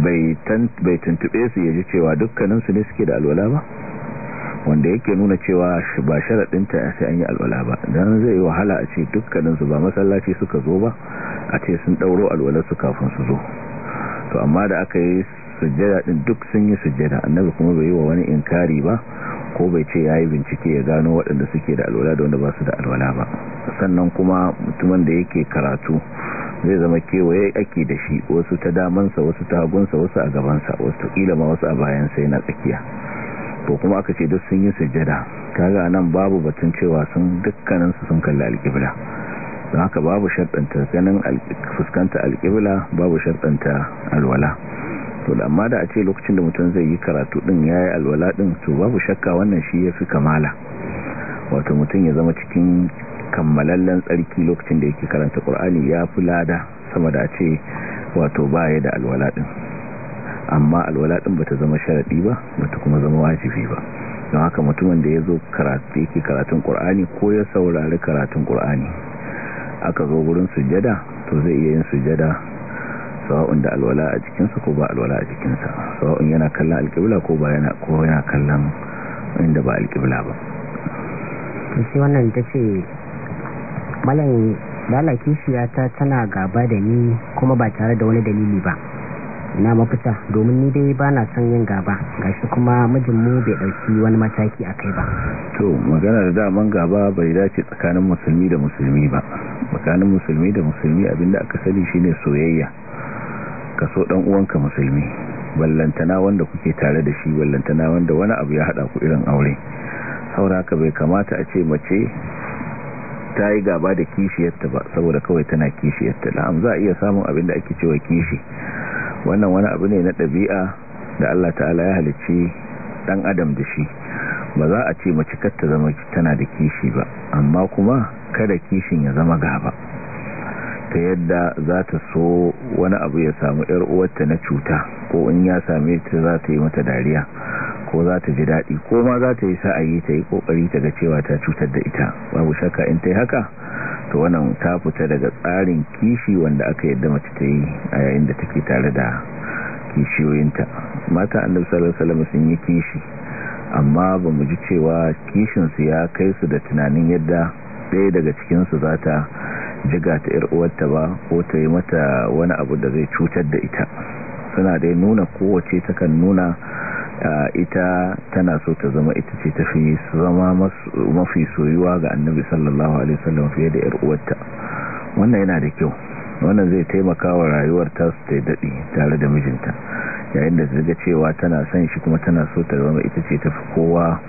bai bai tuntube su yaji cewa dukkanin su ne suke da alwala ba wanda yake nuna cewa ba sharadin ta sai an yi alwala ba dan zai yi wahala a ce dukkanin su ba masallaci suka zo ba a ce sun dauro alwala su kafin su zo to amma da aka yi sujjada din duk sun yi sujjada annabi kuma bai yi wa wani inkari ba ko bai ce ya yi bincike ya gano waɗanda suke da alwala da wanda ba su da alwala ba sannan kuma mutumin da yake karatu zai zama kewaye ake da shi wasu ta damansa wasu ta hagunsa wasu a gabansa wasu ta kila ma wasu a bayan sai na tsakiya ko kuma aka ce duk sun yi sujjada kaga nan babu batun cewa sun dukkaninsu sun kalli alƙibla don haka babu sharɗanta ganin fuskanta alƙibla babu sharɗanta alwala to da amma da a ce lokacin da mutum zai yi karatu din yayi alwala din to babu shakka wannan shi yafi kamala wato mutum ya zama cikin kammalallen tsarki lokacin da yake karanta Qur'ani ya fi lada sama da a ce wato baya da alwala din amma alwala din bata zama sharaɗi ba bata kuma zama wajibi ba don haka mutumin da ya zo karatu yake karatun ƙur'ani ko ya saurari karatun ƙur'ani aka zo wurin sujada to zai iya yin sujada sawa'un da alwala a jikinsa ko ba alwala a jikinsa sawa'un yana kallon alƙibla ko ba yana ko yana kallon inda ba alƙibla ba to shi wannan ta ce malam lalaki ta tana gaba da ni kuma ba tare da wani dalili ba na mafita domin ni dai ba na son yin gaba ga shi kuma mijinmu bai ɗauki wani mataki a kai ba to magana da daman gaba bai dace tsakanin musulmi da musulmi ba tsakanin musulmi da musulmi abinda aka sani shine soyayya ka so dan uwanka musulmi ballantana wanda kuke tare da shi ballantana wanda wani abu ya hada ku irin aure ka bai kamata a ce mace ta yi gaba da kishiyarta ba saboda kawai tana kishiyarta la'am za a iya samun abin da ake cewa kishi wannan wani abu ne na ɗabi'a da Allah ta'ala ya halicci dan adam da shi ba za a ce mace kar ta zama tana da kishi ba amma kuma kada kishin ya zama gaba ta yadda za ta so wani abu ya samu ‘yar uwarta na cuta ko in ya same ta za ta yi mata dariya ko za ta ji daɗi ko ma za ta yi sa'ayi ta yi ƙoƙari ta ga cewa ta cutar da ita babu shakka in ta yi haka to wannan ta fita daga tsarin kishi wanda aka yadda mace ta yi a yayin da take tare da kishiyoyinta mata an sallallahu alaihi sun yi kishi amma ba mu ji cewa kishinsu ya kai su da tunanin yadda ɗaya daga cikinsu za ta jiga ta 'yar uwarta ba ko ta yi mata wani abu da zai cutar da ita suna dai nuna kowace ta kan nuna ita tana so ta zama ita ce ta fi zama mafi soyuwa ga annabi sallallahu alaihi wasallam fiye da 'yar uwarta wannan yana da kyau wannan zai taimaka wa rayuwar ta su ta daɗi tare da mijinta yayin da zaga cewa tana son shi kuma tana so ta zama ita ce ta fi kowa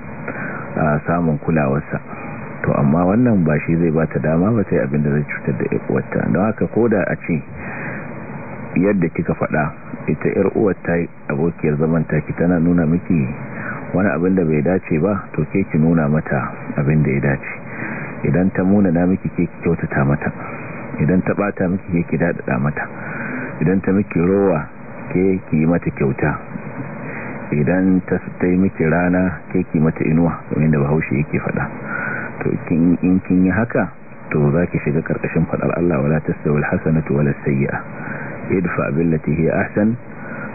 samun kulawarsa to amma wannan ba shi zai bata dama ba sai abinda zai cutar da uwarta don haka koda a ce yadda kika faɗa ita yar ta abokiyar zaman ta ki tana nuna miki wani abin da bai dace ba to ke ki nuna mata abin da ya dace idan ta muna na miki ke ki kyautata mata idan ta bata miki ke ki dadada mata idan ta miki rowa ke ki yi mata kyauta idan ta yi miki rana ke ki mata inuwa wani da bahaushe yake faɗa in kin yi haka to za ki shiga karkashin faɗar Allah wala tasawul hasanatu wala sayyi'a idfa billati hi ahsan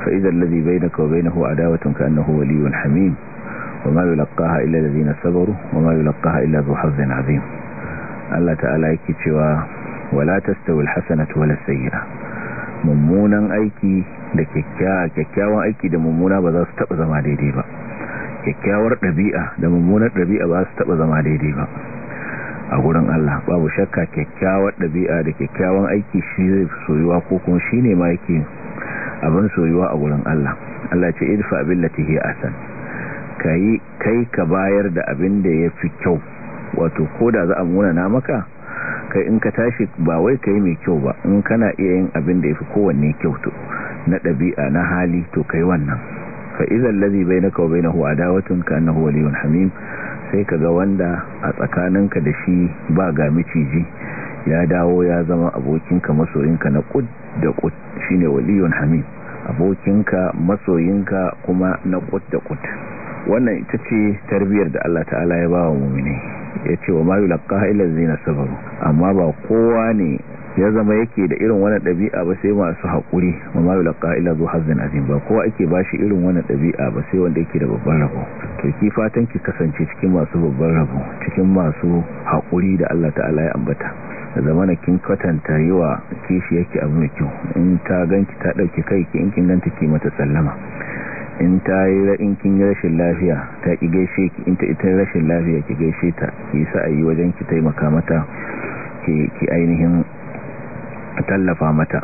fa idza alladhi bainaka wa bainahu adawatun ka annahu waliyyun hamim wama yulqaha illa alladhina sabaru wama yulqaha illa dhu hazzin azim Allah ta'ala yake cewa wala tasawul hasanatu wala sayyi'a mummunan aiki da kyakkyawan aiki da mummuna ba za su taba zama daidai ba kyakkyawar ɗabi'a da mummunar ɗabi'a ba su taɓa zama daidai ba a gurin Allah babu shakka kyakkyawar ɗabi'a da kyakkyawan aiki shi zai soyuwa ko kuma shi ne ma yake abin soyuwa a gurin Allah Allah ce idfa lati hi asan kai kai ka bayar da abin da ya fi kyau wato koda za a muna na maka kai in ka tashi ba wai kai mai kyau ba in kana iya yin abin da yafi kowanne kyau to na ɗabi'a na hali to kai wannan fa idan ladhi bainaka wa bainahu adawatun ka annahu waliyyun hamim sai kaga wanda a tsakaninka da shi ba ga miciji ya dawo ya zama abokinka masoyinka na kud da kud shine waliyyun hamim abokinka masoyinka kuma na kud da kud wannan ita ce tarbiyar da Allah ta'ala ya ba wa mu'mini ya ce wa ma yulqa illa zina sabaru amma ba kowa ne ya zama yake da irin wani ɗabi'a ba sai masu haƙuri ma yi laƙa ila zuwa hazin azin ba kowa ake ba shi irin wani ɗabi'a ba sai wanda yake da babban rabo to ki fatan ki kasance cikin masu babban rabo cikin masu haƙuri da allah ta'ala ya ambata da zamana kin kwatanta yi wa kishi yake abu mai kyau in ta ganki ta ɗauki kai ki in kin ganta ki mata sallama in ta yi ra'in kin rashin lafiya ta ki gaishe ki in ta ita rashin lafiya ki gaishe ta ki sa a yi wajen ki taimaka mata ki ainihin a tallafa mata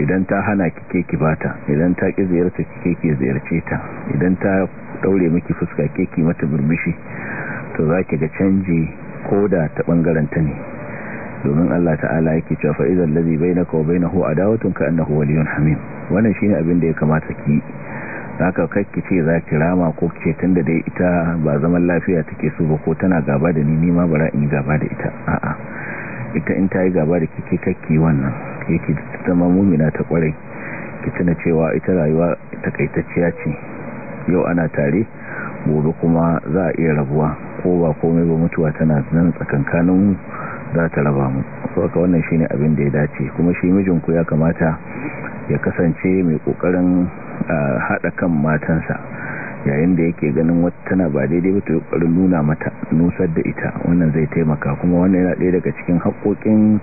idan ta hana kike ki bata idan ta ki ziyarta kike ki ziyarce ta idan ta daure miki fuska kike mata burmishi to zaki ga canji koda ta bangaren ta ne domin Allah ta'ala yake cewa fa idan ladhi bainaka wa bainahu adawatun ka annahu waliyun hamim wannan shine abin da ya kamata ki haka kake ce zaki rama ko ce tunda dai ita ba zaman lafiya take so ba ko tana gaba da ni nima bara in gaba da ita a'a ita in ta yi gaba da kike kakki wannan yake zama mumina ta kwarai ki tuna cewa ita rayuwa takaitacciya ce yau ana tare gobe kuma za a iya rabuwa ko ba komai ba mutuwa tana nan tsakankanin mu za ta raba mu saboda wannan shine abin da ya dace kuma shi mijinku ya kamata ya kasance mai kokarin ah, hada kan matansa yayin da yake ganin wata tana ba daidai ba ta yi nuna mata nusar da ita wannan zai taimaka kuma wannan yana daya daga cikin haƙoƙin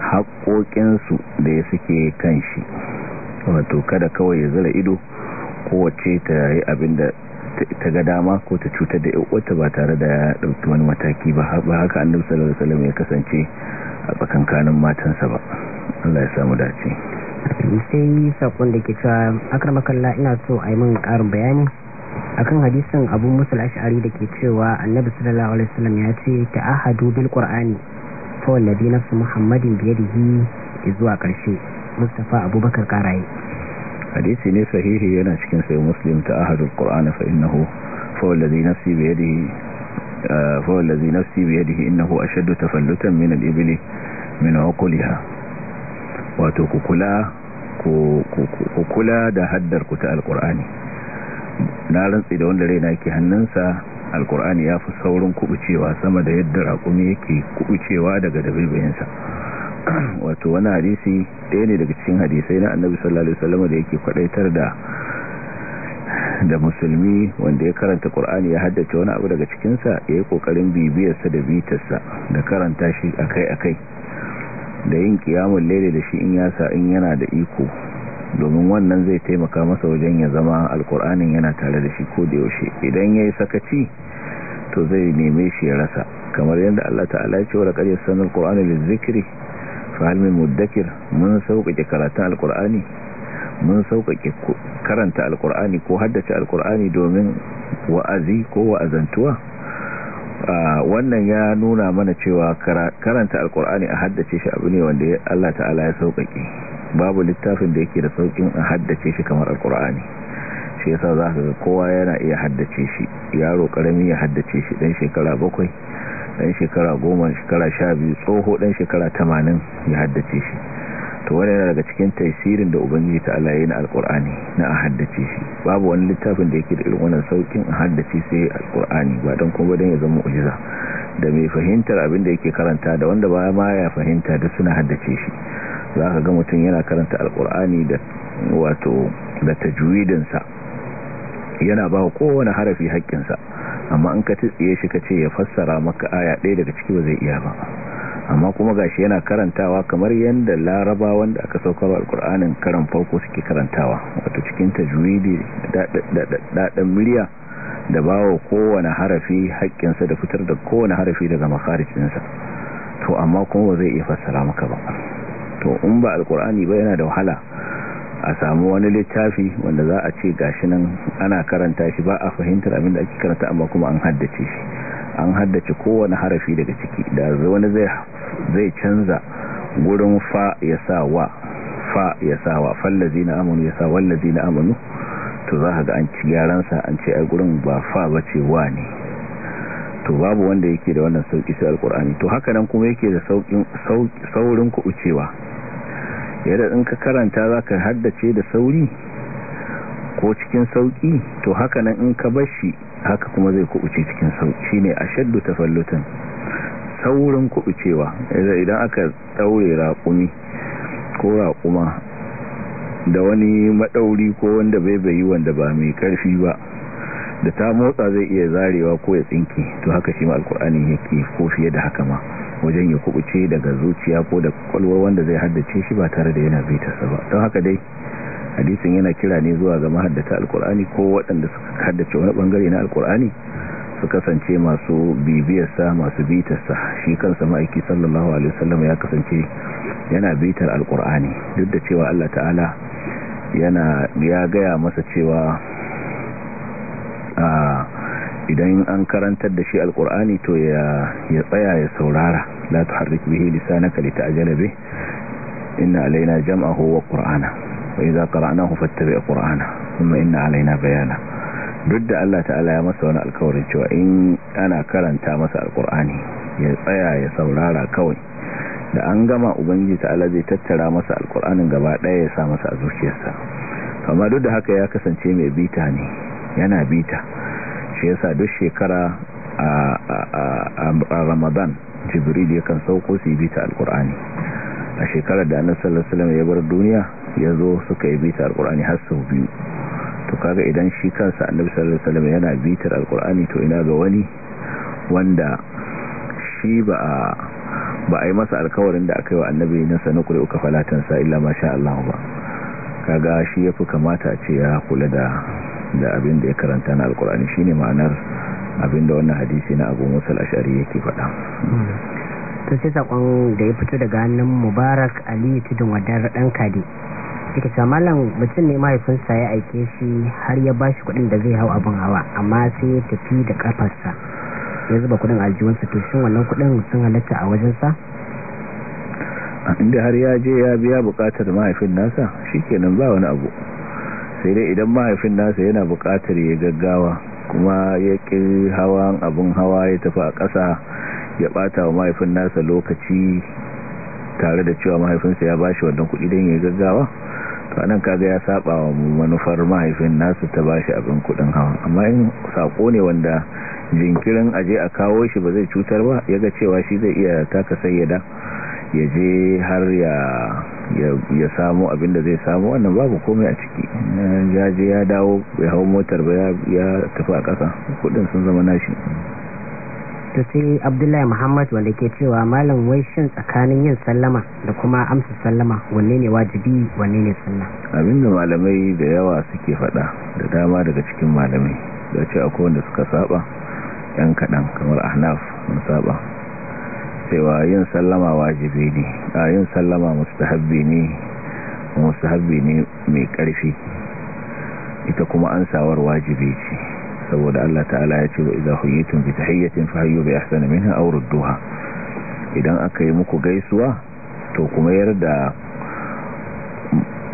haƙoƙinsu da ya suke kan shi wato kada kawai ya zara ido kowace ta yi abin da ta ga dama ko ta cutar da wata ba tare da ya ɗauki wani mataki ba haka annabi sallallahu alaihi ya kasance a tsakankanin matansa ba Allah ya samu dace sai sakon da ke cewa akar makalla ina so a yi min ƙarin bayani akan hadisin abu musul ash'ari da ke cewa annabi sallallahu alaihi wasallam ya ce ta'ahadu bil qur'ani fa wallazi nafsu muhammadin bi yadihi zuwa karshe mustafa abubakar karaye hadisi ne sahihi yana cikin sai muslim ta'ahadu al qur'ani fa innahu fa wallazi nafsi bi yadihi eh, fa wallazi nafsi bi yadihi innahu ashaddu tafallutan min al ibli min uqliha wato ku kula ku kula da haddar ku ta al qur'ani na rantsi da wanda raina ke hannunsa alkur'ani ya fi saurin kubucewa sama da yadda raƙumi yake kubucewa daga dabibayinsa wato wani hadisi ɗaya ne daga cikin hadisai na annabi sallallahu alaihi wasallam da yake kwadaitar da da musulmi wanda ya karanta kur'ani ya haddace wani abu daga cikinsa ya yi kokarin bibiyarsa da bitarsa da karanta shi akai-akai da yin kiyamun lele da shi in yasa in yana da iko domin wannan zai taimaka masa wajen ya zama alkur'anin yana tare da shi ko da yaushe idan ya yi sakaci to zai neme shi ya rasa kamar yadda Allah ta'ala ya ce wa laqad yassana alqur'ana da fa hal muddakir mun sauƙaƙe karatun al'kur'ani mun sauƙaƙe karanta al'kur'ani ko haddace al'kur'ani domin wa'azi ko wa'azantuwa wannan ya nuna mana cewa karanta al'kur'ani a haddace shi abu ne wanda Allah ta'ala ya sauƙaƙe babu littafin da yake da saukin a haddace shi kamar alkur'ani shi yasa za ka ga kowa yana iya haddace shi yaro karami ya haddace shi dan shekara bakwai dan shekara goma shekara sha biyu tsoho dan shekara tamanin ya haddace shi to wani yana daga cikin taisirin da ubangiji ta alaye na alkur'ani na a haddace shi babu wani littafin da yake da irin wannan saukin a haddace sai alkur'ani ba don kuma don ya zama ujiza da mai fahimtar abin da yake karanta da wanda ba ma ya fahimta duk suna haddace shi za ka ga mutum yana karanta alkur'ani da wato da tajwidinsa yana ba kowane harafi haƙƙinsa amma in ka tsaye shi ka ce ya fassara maka aya ɗaya daga ciki ba zai iya ba amma kuma gashi yana karantawa kamar yadda laraba wanda aka saukar alkur'anin karan farko suke karantawa wato cikin tajwidi daɗin miliya da ba wa kowane harafi haƙƙinsa da fitar da kowane harafi daga makaricinsa to amma kuma ba zai iya fassara maka ba to in ba alkur'ani ba yana da wahala a samu wani littafi wanda za a ce gashi nan ana karanta shi ba a fahimtar abin da ake karanta amma kuma an haddace shi an haddace kowane harafi daga ciki da wani zai canza gurin fa ya sa wa fa ya sa wa fallazi na amonu ya sa wallazi na to za ga an ci yaransa an ce a gurin ba fa ba ce wa ne to babu wanda yake da wannan sauki sai alkur'ani to haka nan kuma yake da saurin ku ucewa yadda in ka karanta za ka haddace da sauri ko cikin sauki to haka nan in ka bashi haka kuma zai kubuce cikin sauki ne a shaddu ta tafallutan saurin kubucewa idan aka daure raƙumi ko raƙuma da wani maɗauri ko wanda bai bayi wanda ba mai karfi ba da ta motsa zai iya zarewa ko ya tsinki to haka shi ma alkur'ani yake ko fiye da haka ma wajen ya kubuce daga zuciya ko da kwalwar wanda zai haddace shi ba tare da yana bitarsa ba don haka dai hadisin yana kira ne zuwa ga mahaddata alkur'ani ko waɗanda suka haddace wani bangare na alkur'ani su kasance masu bibiyarsa masu bitarsa shi kansa ma'aiki sallallahu alaihi wasallam ya kasance yana bitar alkur'ani duk da cewa Allah ta'ala yana ya gaya masa cewa idan an karantar da shi alkur'ani to ya tsaya ya saurara la tuharrik bihi lisanaka lita'jala bih inna alaina jam'ahu wa qur'ana wa idza qara'nahu fattabi' qur'ana kuma inna alaina bayana duk da Allah ta'ala ya masa wani alkawarin cewa in ana karanta masa alkur'ani ya tsaya ya saurara kawai da an gama ubangiji ta'ala zai tattara masa alkur'anin gaba daya ya sa masa a zuciyarsa amma duk da haka ya kasance mai bita ne yana bita shi yasa duk shekara a ramadan jibril ya kan sauko su yi bita alkur'ani a shekarar da annabi sallallahu alaihi wasallam ya bar duniya ya zo suka yi bita alkur'ani har sau biyu to kaga idan shi kansa annabi sallallahu alaihi wasallam yana bitar alkur'ani to ina ga wani wanda shi ba a ba a yi masa alkawarin da aka yi wa annabi na sanu kuri uka falatansa illa masha Allah ba kaga shi ya fi kamata ce ya kula da da abin da ya karanta na alkur'ani shine ma'anar abin da wannan hadisi na abu musul ashari yake faɗa to sai sakon da ya fito daga hannun mubarak ali tudun wadar ɗan kadi yake malam mutum ne mahaifinsa ya aike shi har ya bashi kuɗin da zai hau abin hawa amma sai ya tafi da ƙafarsa ya zuba kuɗin aljihunsa to shin wannan kuɗin sun halatta a wajensa inda har ya je ya biya bukatar mahaifin nasa shi nan ba wani abu sai dai idan mahaifin nasa yana buƙatar ya gaggawa kuma ya ƙi hawan abin hawa ya tafi a ƙasa ya ɓata wa mahaifin nasa lokaci tare da cewa mahaifinsa ya bashi wannan kuɗi don ya gaggawa to nan kaga ya saba wa manufar mahaifin nasa ta ba shi abin kuɗin hawa amma in sako ne wanda jinkirin aje a kawo shi ba zai cutar ba ya ga cewa shi zai iya taka sayyada ya je har ya ya samu abinda zai samu wannan babu komai a ciki ya ya dawo ya hau motar ba ya tafi a ƙasa kudin sun zama nashi ta sai abdullahi muhammad wanda ke cewa malam wai shin tsakanin yin sallama da kuma amsa sallama wanne ne wajibi wanne ne sunna abinda malamai da yawa suke faɗa da dama daga cikin malamai da ce akwai wanda suka saba yan kaɗan kamar ahnaf mun saba cewa yin sallama wajibi ne a yin sallama mustahabbi ne mustahabbi ne mai ƙarfi ita kuma ansawar wajibi ce saboda Allah ta'ala ya ce wa idza huyitum bi fa fahayyu bi ahsani minha aw rudduha idan aka yi muku gaisuwa to kuma yarda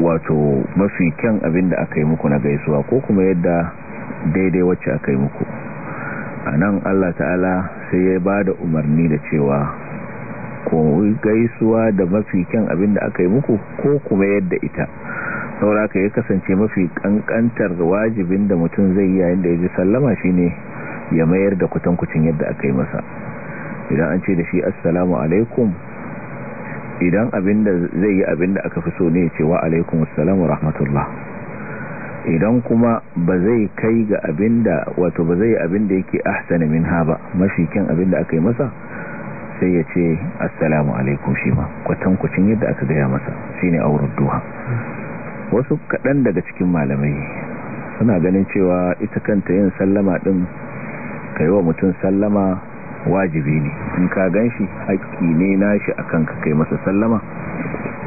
wato mafi kyan abin da aka yi muku na gaisuwa ko kuma yadda daidai wacce aka yi muku anan allah ta'ala sai ya ba da umarni da cewa ku gaisuwa da mafi kyan abin da aka yi muku ko kuma yadda ita sauraka ya kasance mafi kankantar wajibin da mutum zai yayin da ya ji sallama ne ya mayar da kutankucin yadda aka yi masa idan an ce da shi assalamu alaikum idan abinda zai yi abinda aka fi so ne cewa wa alaikum assalamu rahmatullah idan kuma ba zai kai ga abinda wato ba zai abinda yake ahsana minha ba mafi kyan abinda aka yi masa sai ya ce assalamu alaikum shi ma kucin yadda aka gaya masa shi ne auren duha wasu kaɗan daga cikin malamai suna ganin cewa ita kanta yin sallama ɗin ka yi wa mutum sallama wajibi ne in ka gan shi haƙƙi ne na shi a kanka kai masa sallama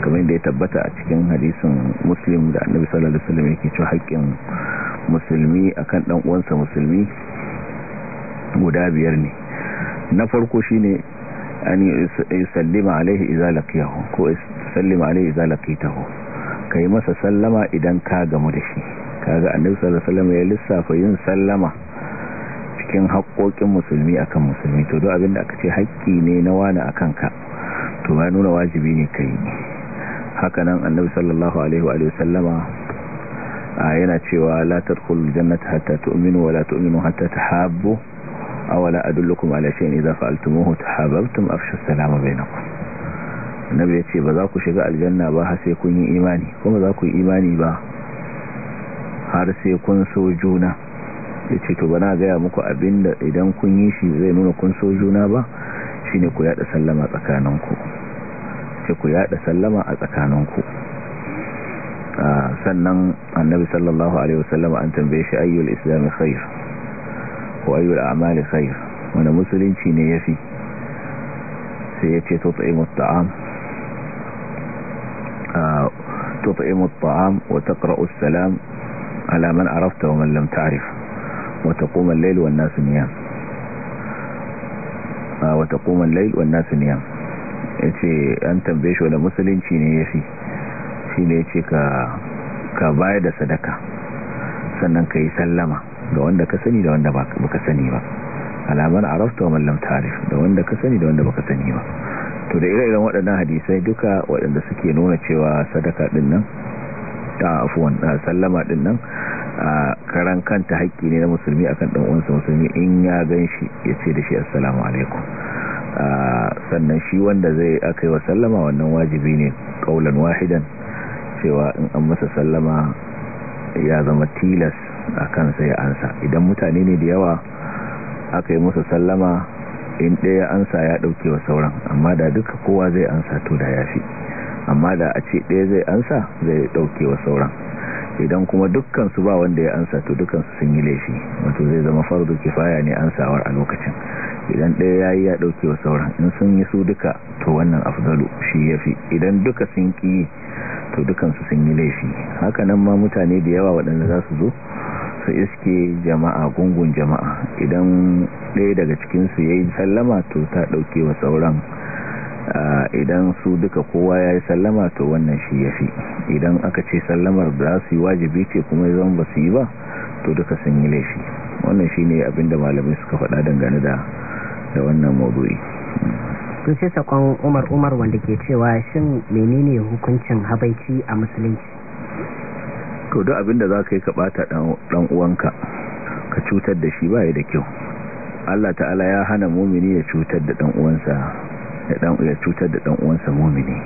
kamar da ya tabbata a cikin hadisin muslim da annabi sallallahu alaihi wasallam yake cewa haƙƙin musulmi akan dan uwansa musulmi guda biyar ne na farko shine an yusallima alaihi idza laqiyahu ko sallima alaihi masa sallama idan ka gamu da shi ka ga annabi sallallahu alaihi wasallam ya lissafa yin sallama cikin haƙoƙin musulmi akan musulmi to duk abin da aka ce haƙƙi ne na wani akan ka to ya nuna wajibi ne kai haka nan annabi sallallahu alaihi wa sallama yana cewa la tadkhulul jannata hatta tu'minu wa la tu'minu hatta tahabbu awala adullukum ala shay'in idza fa'altumuhu tahabbtum afshu salama bainakum annabi yace ba za ku shiga aljanna ba har sai kun yi imani kuma za ku yi imani ba har sai kun so juna yace to bana ga ya muku abinda idan kun yi shi zai nuna kun so juna ba shine ku yada sallama tsakaninku ce ku yada sallama a tsakaninku sannan annabi sallallahu alaihi wasallam an tambaye shi ayyul islam khair وأي الأعمال خير وأنا مسلم شيني في سيتي تطعم الطعام آه، تطعم الطعام وتقرأ السلام على من عرفت ومن لم تعرف وتقوم الليل والناس نيام آه، وتقوم الليل والناس نيام يتي أنت بيش ولا مسلم شيني يفي شيني يتي كبايد صدكة sannan ka yi sallama ga wanda ka sani da wanda baka sani ba alamar arafta wa mallam tarif da wanda ka sani da wanda baka sani ba to da irin waɗannan hadisai duka waɗanda suke nuna cewa sadaka ɗin nan ta afuwan sallama ɗin nan a karan kanta haƙƙi ne na musulmi akan ɗan uwansa musulmi in ya gan shi ya ce da shi assalamu alaikum sannan shi wanda zai aka yi wa sallama wannan wajibi ne ƙaulan wahidan cewa in an masa sallama ya zama tilas a kansa ya ansa idan mutane ne da yawa aka yi musu sallama in ɗaya ansa ya ɗauke wa sauran amma da duka kowa zai ansa to da ya fi amma da a ce ɗaya zai ansa zai ɗauke wa sauran idan kuma dukkan su ba wanda ya ansa to dukkan su sun yi laifi wato zai zama fardu kifaya ne ansawar a lokacin idan ɗaya yi ya dauke wa sauran in sun yi su duka to wannan afzalu shi ya fi idan duka sun ki to dukkan su sun yi laifi haka nan ma mutane da yawa waɗanda za su zo su iske jama'a gungun jama'a idan ɗaya daga cikin su yayi sallama to ta dauke wa sauran idan su duka kowa ya yi sallama to wannan shi ya fi idan aka ce sallamar da su yi wajibi ce kuma ya zama ba su yi ba to duka sun yi laifi wannan shi ne abinda malamai suka faɗa dangane da wannan maudu'i to ce sakon umar umar wanda ke cewa shin menene hukuncin habaici a musulunci to duk da za ka yi ka bata ɗan uwanka ka cutar da shi ba da kyau Allah ta'ala ya hana mumini ya cutar da ɗan uwansa ya cutar da dan uwansa mumini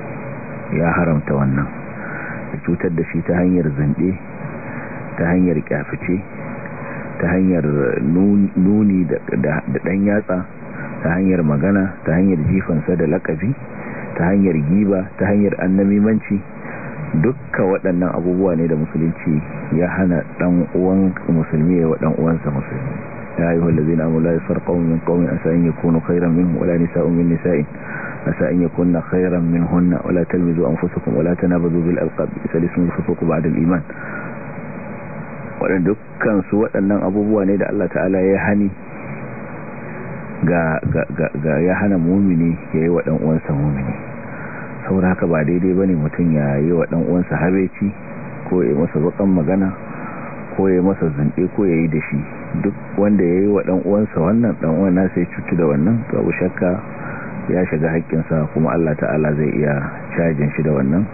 ya haramta wannan ya cutar da shi ta hanyar zinde ta hanyar kyafice ta hanyar nuni da ɗan yatsa ta hanyar magana ta hanyar jifansa da lakabi ta hanyar giba ta hanyar annamimanci dukka waɗannan abubuwa ne da musulunci ya hana ɗan’uwan musulmi ya wa ɗan musulmi يا أيها الذين أموا لا يصر قوم من قوم أسا أن يكونوا خيرا منهم ولا نساء من نساء أسا أن يكون خيرا منهن ولا تلمزوا أنفسكم ولا تنابذوا بالألقاب سلسم الفسوق بعد الإيمان waɗanda dukkansu waɗannan abubuwa ne da Allah ta'ala ya hani ga ga ga ya hana mumini ya yi wa ɗan'uwansa mumini saboda haka ba daidai bane mutun mutum ya yi wa ɗan'uwansa habeci ko ya masa bakan magana ko ya masa zunɗe ko ya yi da shi duk wanda ya yi wa ɗan'uwansa wannan ɗan'uwan nasa ya cutu da wannan babu shakka ya shiga haƙƙinsa kuma Allah ta'ala zai iya cajin shi da wannan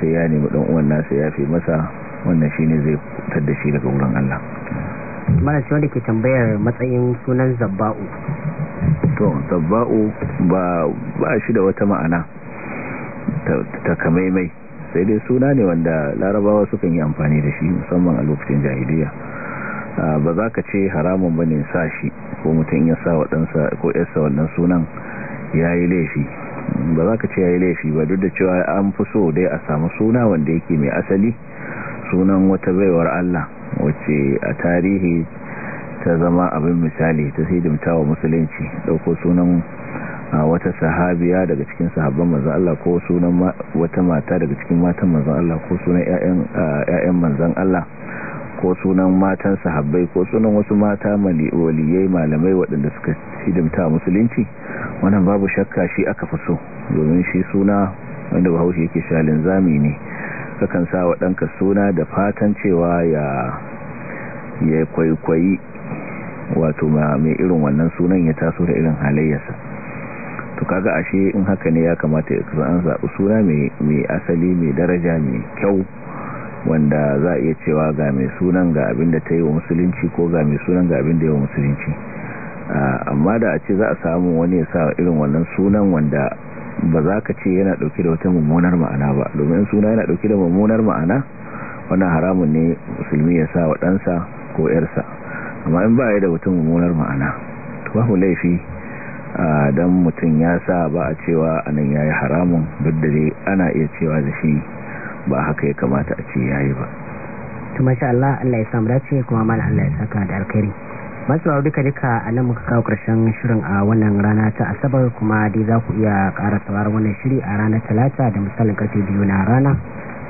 sai ya nemi ɗan'uwan nasa ya fi masa wannan shi ne zai fitar da shi daga wurin Allah mana tambayar matsayin sunan zabba'u ba da wata ma'ana ta sai dai suna ne wanda larabawa sukan yi amfani da shi musamman a lokacin jahiliya ba za ka ce haramun ba ne sa shi ko mutum ya sa waɗansa ko yasa wannan sunan ya yi laifi ba za ka ce ya yi laifi ba duk da cewa an fi so dai a samu suna wanda yake mai asali sunan wata baiwar Allah wacce a tarihi ta zama abin misali ta dimta wa musulunci ɗauko sunan wata sahabiya daga cikin sahabban manzan Allah ko sunan wata mata daga cikin matan manzan Allah ko sunan 'ya'yan manzan Allah ko sunan matan sahabbai ko sunan wasu mata waliyai malamai waɗanda suka hidimta musulunci wannan babu shakka shi aka fi so domin shi suna wanda bahaushe yake shalin zami ne kakan sa wa ɗanka suna da fatan cewa ya kwaikwayi wato mai irin wannan sunan ya taso da irin halayyarsa to kaga ashe in haka ne ya kamata ya an zaɓi suna mai asali mai daraja mai kyau wanda za a iya cewa ga mai sunan ga abin da ta yi wa musulunci ko ga mai sunan ga abin da ya wa musulunci amma da a ce za a samu wani ya sa irin wannan sunan wanda ba za ka ce yana dauki da wata mummunar ma'ana ba domin suna yana dauki da mummunar ma'ana wannan haramun ne musulmi ya sa wa ɗansa ko ‘yarsa amma in ba ya da wata mummunar ma'ana to babu laifi don mutum ya sa ba a cewa anan yayi haramun duk da ana iya cewa da shi ba haka ya kamata a ce yayi ba to masha Allah Allah ya samu dace kuma mana Allah ya saka da alkhairi masu rauru duka duka a nan muka kawo ƙarshen shirin a wannan rana ta asabar kuma dai za ku iya ƙara tsawar wannan shiri a ranar talata da misalin karfe biyu na rana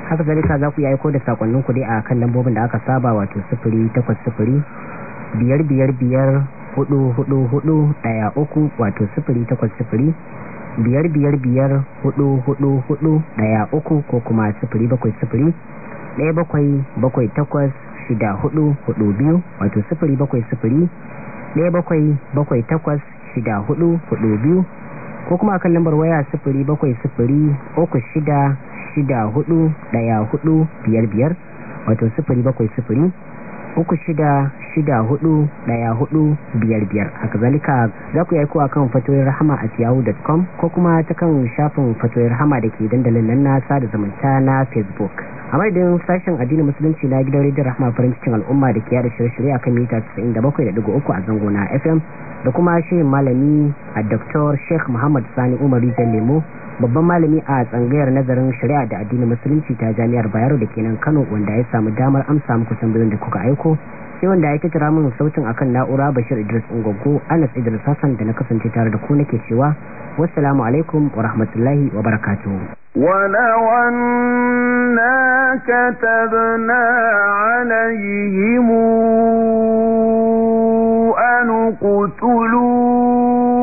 haka zalika za ku iya aiko da sakonnin ku dai a kan lambobin da aka saba wato sifiri takwas sifiri biyar biyar biyar hudu hudu hudu ɗaya uku wato sifiri takwas sifiri biyar biyar biyar hudu hudu hudu daya uku ko kuma sifiri bakwai sifiri daya bakwai bakwai takwas shida hudu hudu biyu wato sifiri bakwai sifiri daya bakwai bakwai takwas shida hudu hudu biyu ko kuma akan lambar waya sifiri bakwai sifiri uku shida shida hudu daya hudu biyar biyar wato sifiri bakwai sifiri uku shida shida hudu daya hudu biyar biyar haka zalika za ku yi kuwa kan fatoyin rahama a yahoo.com ko kuma ta kan shafin fatoyin rahama da ke dandalin nan na sada zamanta na facebook a madadin sashen addinin musulunci na gidan rediyon rahama farin cikin al'umma da ke yada shirye-shirye a kan mita 97.3 a zango na fm da kuma shirin malami a dr sheikh muhammad sani umar rizal lemo babban malami a tsangayar nazarin shari'a da addinin musulunci ta jami'ar bayero da kenan kano wanda ya samu damar amsa muku tambayoyin da kuka aiko sai wanda ya kira min sautin akan na'ura bashir idris ungogo anas idris hassan da na kasance tare da ku nake cewa wassalamu alaikum wa rahmatullahi wa barakatuhu ولو أنا كتبنا عليهم أن قتلوا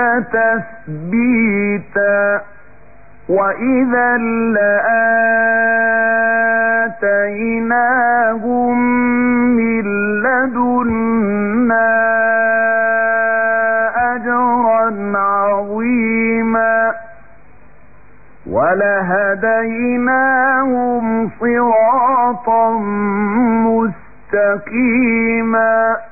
تثبيتا وإذا لآتيناهم من لدنا أجرا عظيما ولهديناهم صراطا مستقيما